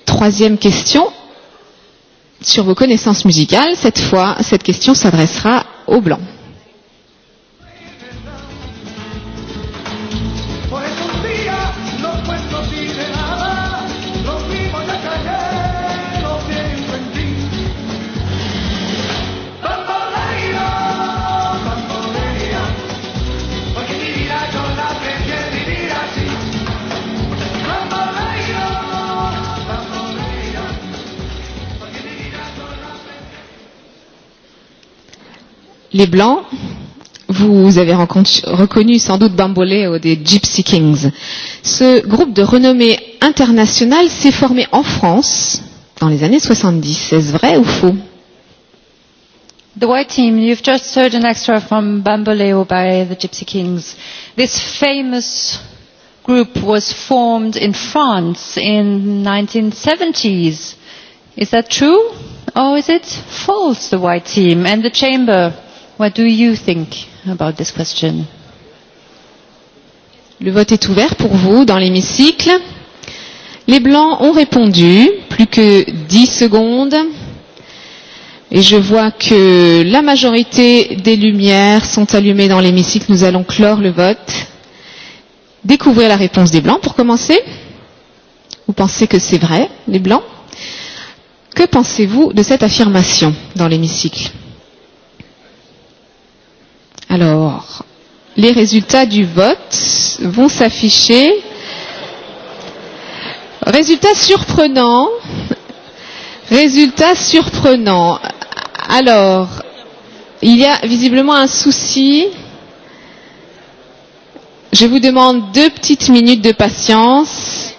Troisième question sur vos connaissances musicales. Cette fois, cette question s'adressera aux Blancs. Les Blancs, vous avez reconnu sans doute Bamboleo des Gypsy Kings. Ce groupe de renommée internationale s'est formé en France dans les années 70. Est-ce vrai ou faux The White Team, you've just heard an extra from Bamboleo by the Gypsy Kings. This famous group was formed in France in 1970s. Is that true or is it false, the White Team and the Chamber? What do you think about this question? Le vote est ouvert pour vous dans l'hémicycle. Les blancs ont répondu, plus que 10 secondes. Et je vois que la majorité des lumières sont allumées dans l'hémicycle. Nous allons clore le vote. Découvrir la réponse des blancs pour commencer. Vous pensez que c'est vrai, les blancs Que pensez-vous de cette affirmation dans l'hémicycle Alors, les résultats du vote vont s'afficher. Résultat surprenant. Résultat surprenant. Alors, il y a visiblement un souci. Je vous demande deux petites minutes de patience.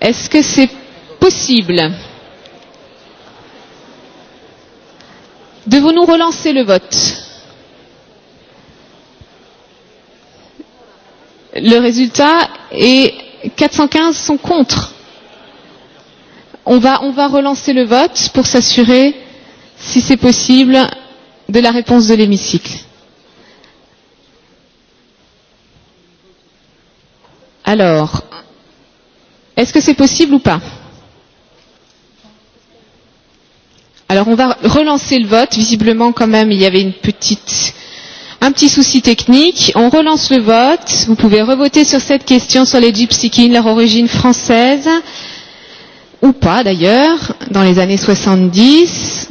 Est-ce que c'est possible? Devons-nous relancer le vote Le résultat est 415 sont contre. On va, on va relancer le vote pour s'assurer, si c'est possible, de la réponse de l'hémicycle. Alors, est-ce que c'est possible ou pas Alors on va relancer le vote. Visiblement quand même il y avait une petite, un petit souci technique. On relance le vote. Vous pouvez revoter sur cette question sur les Gypsy Kings, leur origine française ou pas d'ailleurs, dans les années 70.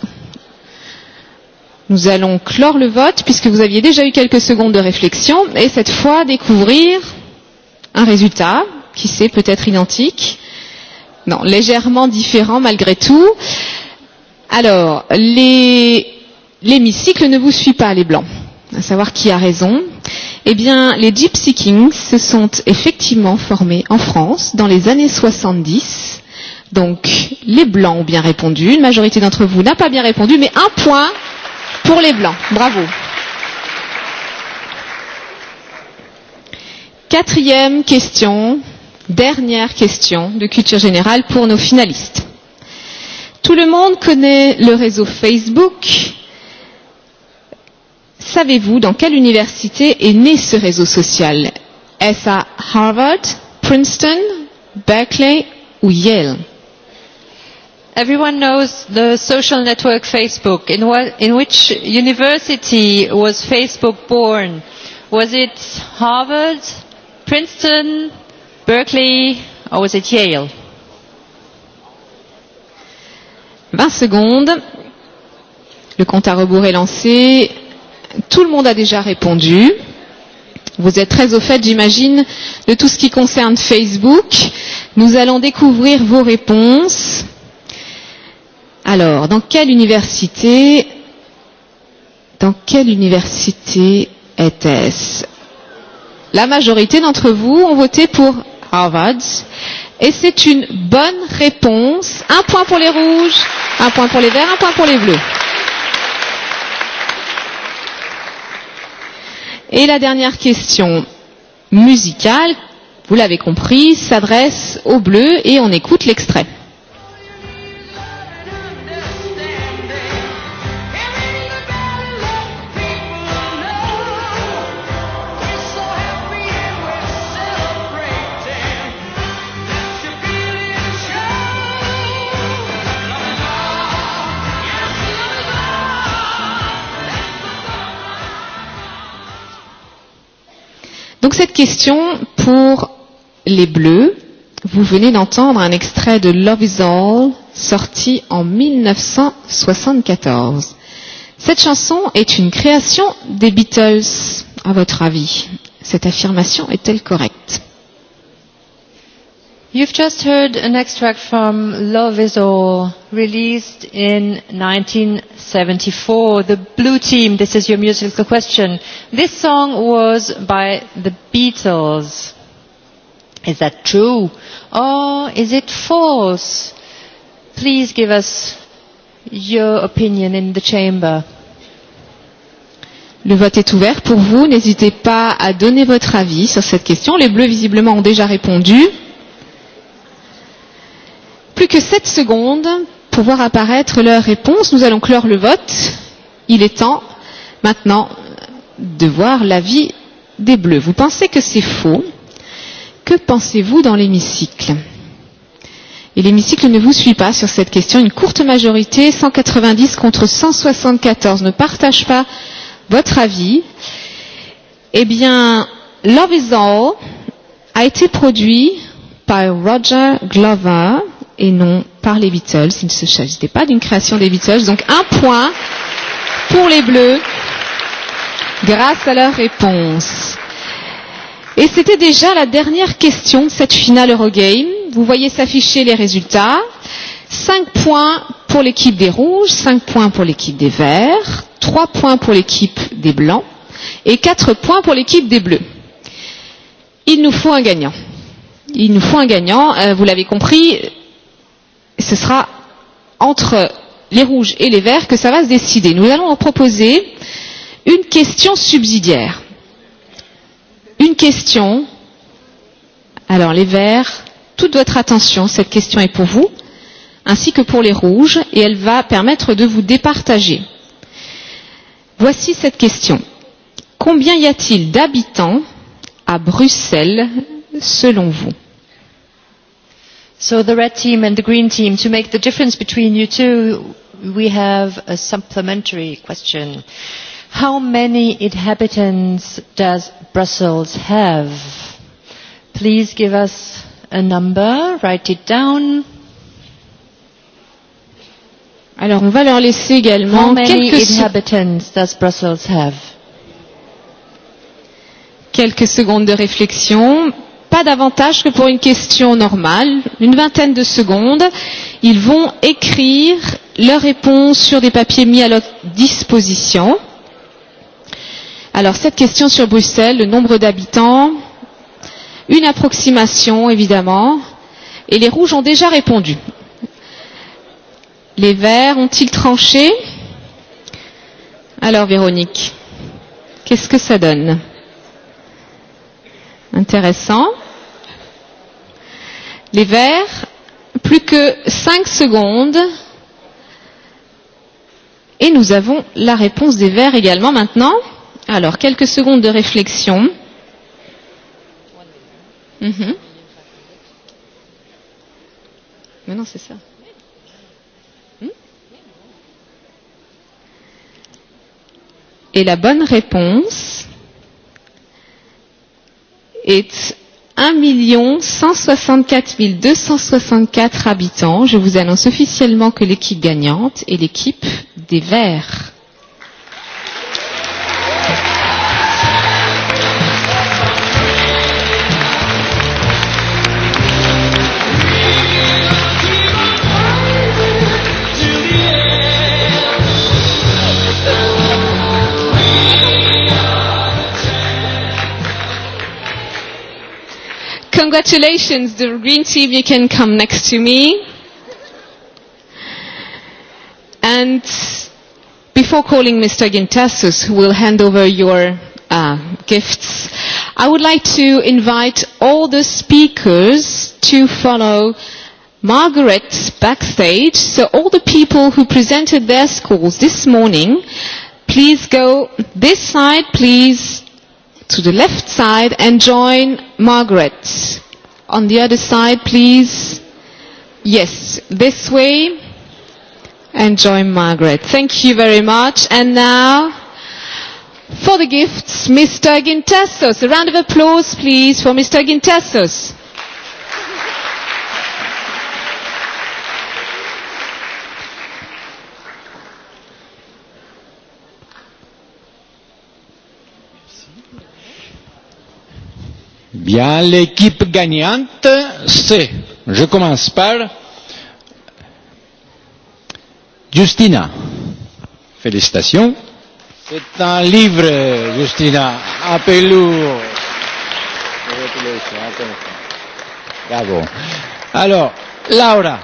Nous allons clore le vote puisque vous aviez déjà eu quelques secondes de réflexion et cette fois découvrir un résultat qui sait peut-être identique. Non, légèrement différent malgré tout. Alors, l'hémicycle ne vous suit pas, les blancs. À savoir qui a raison. Eh bien, les Gypsy Kings se sont effectivement formés en France dans les années 70. Donc, les blancs ont bien répondu. Une majorité d'entre vous n'a pas bien répondu, mais un point pour les blancs. Bravo. Quatrième question, dernière question de culture générale pour nos finalistes. Tout le monde connaît le réseau Facebook. Savez-vous dans quelle université est né ce réseau social Est-ce à Harvard, Princeton, Berkeley ou Yale Everyone knows the social network Facebook. In, what, in which university was Facebook born Was it Harvard, Princeton, Berkeley or was it Yale 20 secondes. Le compte à rebours est lancé. Tout le monde a déjà répondu. Vous êtes très au fait, j'imagine, de tout ce qui concerne Facebook. Nous allons découvrir vos réponses. Alors, dans quelle université Dans quelle université était-ce La majorité d'entre vous ont voté pour Harvard. Et c'est une bonne réponse. Un point pour les rouges, un point pour les verts, un point pour les bleus. Et la dernière question musicale, vous l'avez compris, s'adresse aux bleus et on écoute l'extrait. Donc cette question pour les Bleus, vous venez d'entendre un extrait de Love is All sorti en 1974. Cette chanson est une création des Beatles, à votre avis. Cette affirmation est-elle correcte You've just heard an extract from Love is All, released in 1974. The Blue Team, this is your musical question. This song was by the Beatles. Is that true? Or is it false? Please give us your opinion in the chamber. Le vote est ouvert pour vous. N'hésitez pas à donner votre avis sur cette question. Les bleus, visiblement, ont déjà répondu plus que 7 secondes pour voir apparaître leur réponse. Nous allons clore le vote. Il est temps maintenant de voir l'avis des Bleus. Vous pensez que c'est faux Que pensez-vous dans l'hémicycle Et l'hémicycle ne vous suit pas sur cette question. Une courte majorité, 190 contre 174, ne partage pas votre avis. Eh bien, Love is All a été produit par Roger Glover et non par les Beatles. Il ne se s'agissait pas d'une création des Beatles. Donc un point pour les Bleus grâce à leur réponse. Et c'était déjà la dernière question de cette finale Eurogame. Vous voyez s'afficher les résultats. 5 points pour l'équipe des Rouges, 5 points pour l'équipe des Verts, 3 points pour l'équipe des Blancs et 4 points pour l'équipe des Bleus. Il nous faut un gagnant. Il nous faut un gagnant. Vous l'avez compris, ce sera entre les rouges et les verts que ça va se décider. Nous allons en proposer une question subsidiaire. Une question. Alors les verts, toute votre attention, cette question est pour vous, ainsi que pour les rouges, et elle va permettre de vous départager. Voici cette question. Combien y a-t-il d'habitants à Bruxelles selon vous So the red team and the green team, to make the difference between you two, we have a supplementary question. How many inhabitants does Brussels have? Please give us a number, write it down. Alors on va leur laisser également How many inhabitants does Brussels have? Quelques secondes de réflexion pas davantage que pour une question normale, une vingtaine de secondes. Ils vont écrire leurs réponse sur des papiers mis à leur disposition. Alors, cette question sur Bruxelles, le nombre d'habitants, une approximation, évidemment. Et les rouges ont déjà répondu. Les verts ont-ils tranché Alors, Véronique, qu'est-ce que ça donne Intéressant. Les verts, plus que 5 secondes. Et nous avons la réponse des verts également maintenant. Alors, quelques secondes de réflexion. Mais non, c'est ça. Et la bonne réponse est 1 164 264 habitants. Je vous annonce officiellement que l'équipe gagnante est l'équipe des Verts. Congratulations, the green team, you can come next to me. And before calling Mr. Gintasus, who will hand over your gifts, I would like to invite all the speakers to follow Margaret backstage. So all the people who presented their schools this morning, please go this side, please to the left side and join Margaret. On the other side, please. Yes, this way. And join Margaret. Thank you very much. And now, for the gifts, Mr. Gintessos. A round of applause, please, for Mr. Gintessos. Bien, l'équipe gagnante, c'est, je commence par Justina. Félicitations. C'est un livre, Justina. Appelez-vous. Bravo. Alors, Laura.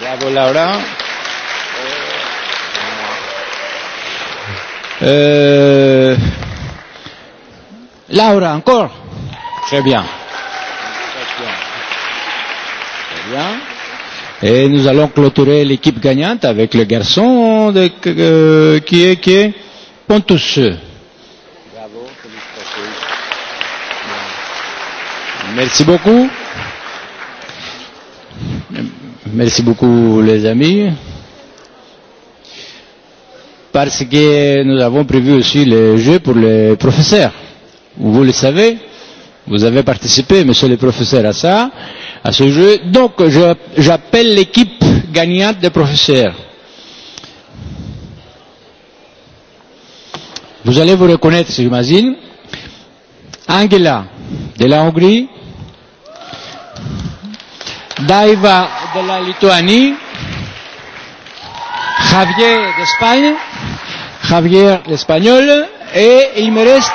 Bravo, Laura. Euh, Laura, encore Très bien. Très bien. Et nous allons clôturer l'équipe gagnante avec le garçon de, euh, qui est, qui est Pontus. Bravo, félicitations. Merci beaucoup. Merci beaucoup les amis. Parce que nous avons prévu aussi les jeux pour les professeurs. Vous le savez, vous avez participé, monsieur le professeur, à ça, à ce jeu. Donc, j'appelle l'équipe gagnante des professeurs. Vous allez vous reconnaître, j'imagine. Angela, de la Hongrie. Daiva, de la Lituanie. Javier, d'Espagne. Javier, l'espagnol. Et il me reste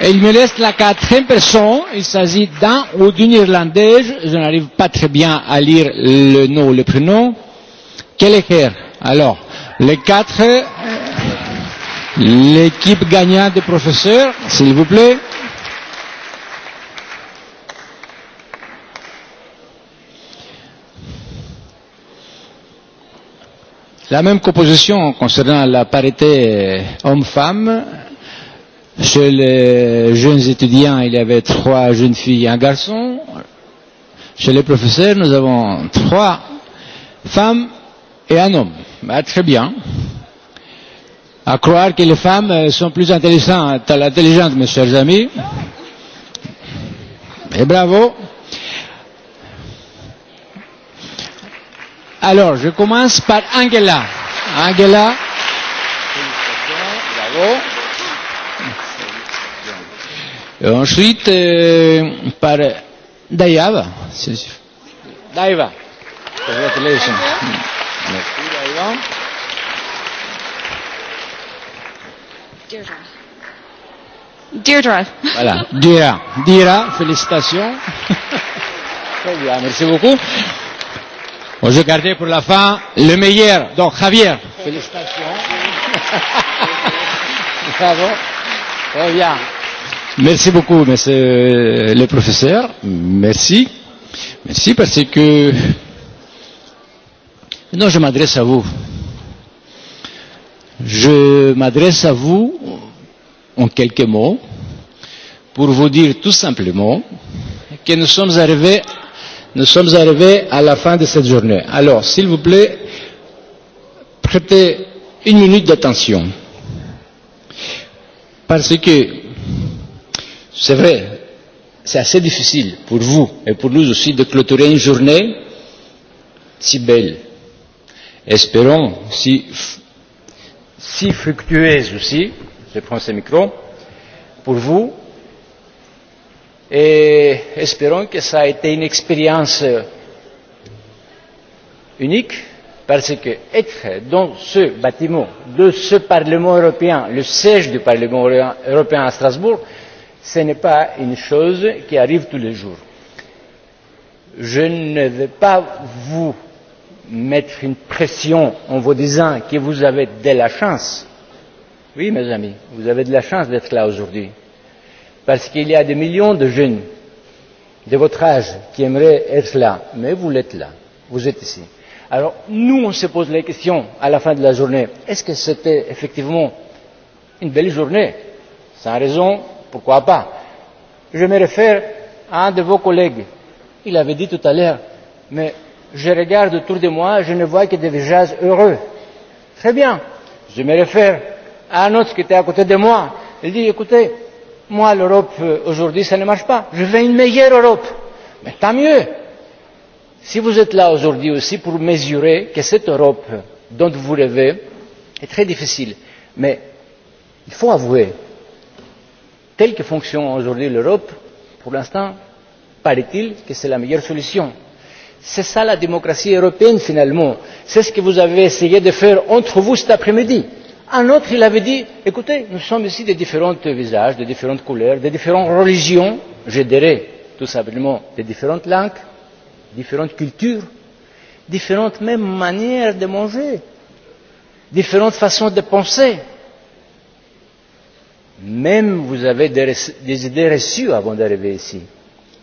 il me laisse la quatrième personne. Il s'agit d'un ou d'une Irlandaise. Je n'arrive pas très bien à lire le nom ou le prénom. Quel faire Alors, les quatre, l'équipe gagnante des professeurs, s'il vous plaît. La même composition concernant la parité homme-femme Chez les jeunes étudiants, il y avait trois jeunes filles et un garçon. Chez les professeurs, nous avons trois femmes et un homme. Bah, très bien. À croire que les femmes sont plus intéressantes, intelligentes, mes chers amis. Et bravo. Alors, je commence par Angela. Angela. Bravo. Ensuite, par Daiva. Daiva. Congratulations. Merci, Daiva. Deirdre. Deirdre. Voilà. Dira. Dira, félicitations. Très bien, merci beaucoup. Bon, je gardais pour la fin le meilleur. Donc, Javier. Félicitations. Bravo. Très bien. Merci beaucoup, monsieur le professeur. Merci. Merci parce que... Non, je m'adresse à vous. Je m'adresse à vous en quelques mots pour vous dire tout simplement que nous sommes arrivés, nous sommes arrivés à la fin de cette journée. Alors, s'il vous plaît, prêtez une minute d'attention. Parce que C'est vrai, c'est assez difficile pour vous et pour nous aussi de clôturer une journée si belle. Espérons, si, si fructueuse aussi, je prends ce micro, pour vous. Et espérons que ça a été une expérience unique parce que être dans ce bâtiment de ce Parlement européen, le siège du Parlement européen à Strasbourg, ce n'est pas une chose qui arrive tous les jours. Je ne vais pas vous mettre une pression en vous disant que vous avez de la chance. Oui, mes amis, vous avez de la chance d'être là aujourd'hui. Parce qu'il y a des millions de jeunes de votre âge qui aimeraient être là. Mais vous l'êtes là. Vous êtes ici. Alors, nous, on se pose la question à la fin de la journée. Est-ce que c'était effectivement une belle journée Sans raison, Pourquoi pas Je me réfère à un de vos collègues. Il avait dit tout à l'heure, mais je regarde autour de moi, je ne vois que des visages heureux. Très bien. Je me réfère à un autre qui était à côté de moi. Il dit, écoutez, moi l'Europe aujourd'hui ça ne marche pas. Je veux une meilleure Europe. Mais tant mieux. Si vous êtes là aujourd'hui aussi pour mesurer que cette Europe dont vous rêvez est très difficile. Mais il faut avouer tel que fonctionne aujourd'hui l'Europe, pour l'instant, paraît-il que c'est la meilleure solution. C'est ça la démocratie européenne finalement. C'est ce que vous avez essayé de faire entre vous cet après-midi. Un autre, il avait dit, écoutez, nous sommes ici de différents visages, de différentes couleurs, de différentes religions, je dirais tout simplement de différentes langues, différentes cultures, différentes mêmes manières de manger, différentes façons de penser. Même vous avez des idées reçues avant d'arriver ici.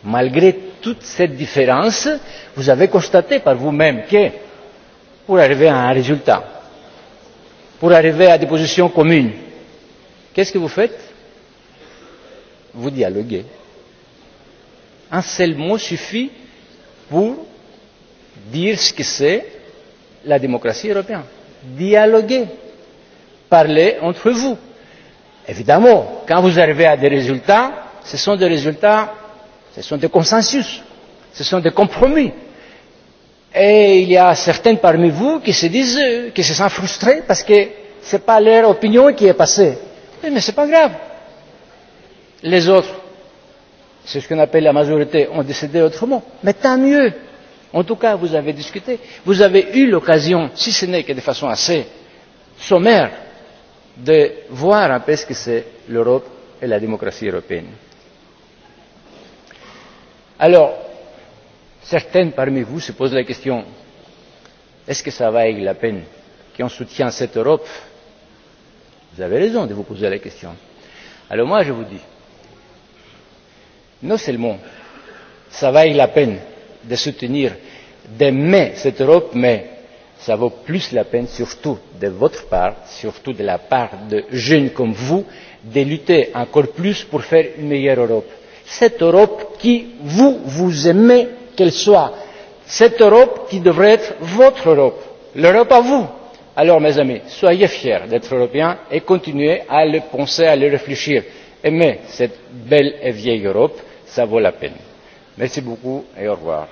Malgré toute cette différence, vous avez constaté par vous-même que, pour arriver à un résultat, pour arriver à des positions communes, qu'est-ce que vous faites Vous dialoguez. Un seul mot suffit pour dire ce que c'est la démocratie européenne. Dialoguer. Parler entre vous Évidemment, quand vous arrivez à des résultats, ce sont des résultats, ce sont des consensus, ce sont des compromis. Et il y a certains parmi vous qui se disent, qui se sentent frustrés parce que ce n'est pas leur opinion qui est passée. mais ce n'est pas grave. Les autres, c'est ce qu'on appelle la majorité, ont décidé autrement. Mais tant mieux. En tout cas, vous avez discuté. Vous avez eu l'occasion, si ce n'est que de façon assez sommaire, de voir un peu ce que c'est l'Europe et la démocratie européenne. Alors, certaines parmi vous se posent la question, est-ce que ça vaut la peine qu'on soutienne cette Europe Vous avez raison de vous poser la question. Alors moi, je vous dis, non seulement ça vaut la peine de soutenir, d'aimer cette Europe, mais cela vaut plus la peine surtout de votre part surtout de la part de jeunes comme vous de lutter encore plus pour faire une meilleure europe cette europe qui vous vous aimez qu'elle soit cette europe qui devrait être votre europe l'europe à vous. alors mes amis soyez fiers d'être européens et continuez à le penser à le réfléchir. aimez cette belle et vieille europe cela vaut la peine. merci beaucoup et au revoir.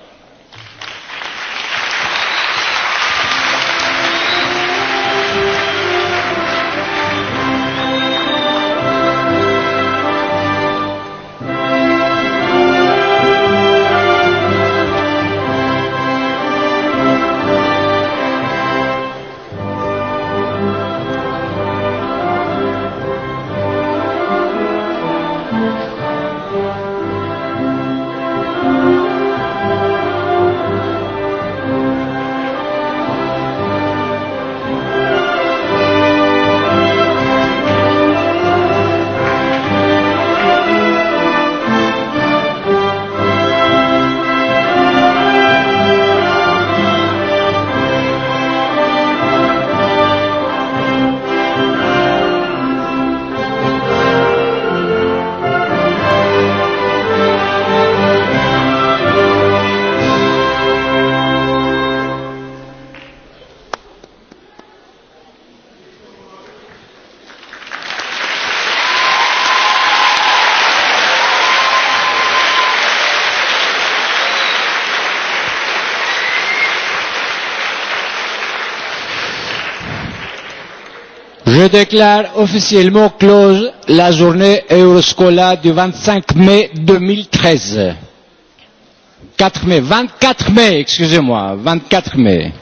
déclare officiellement close la journée Euroscola du 25 mai 2013. 4 mai, 24 mai, excusez-moi, 24 mai.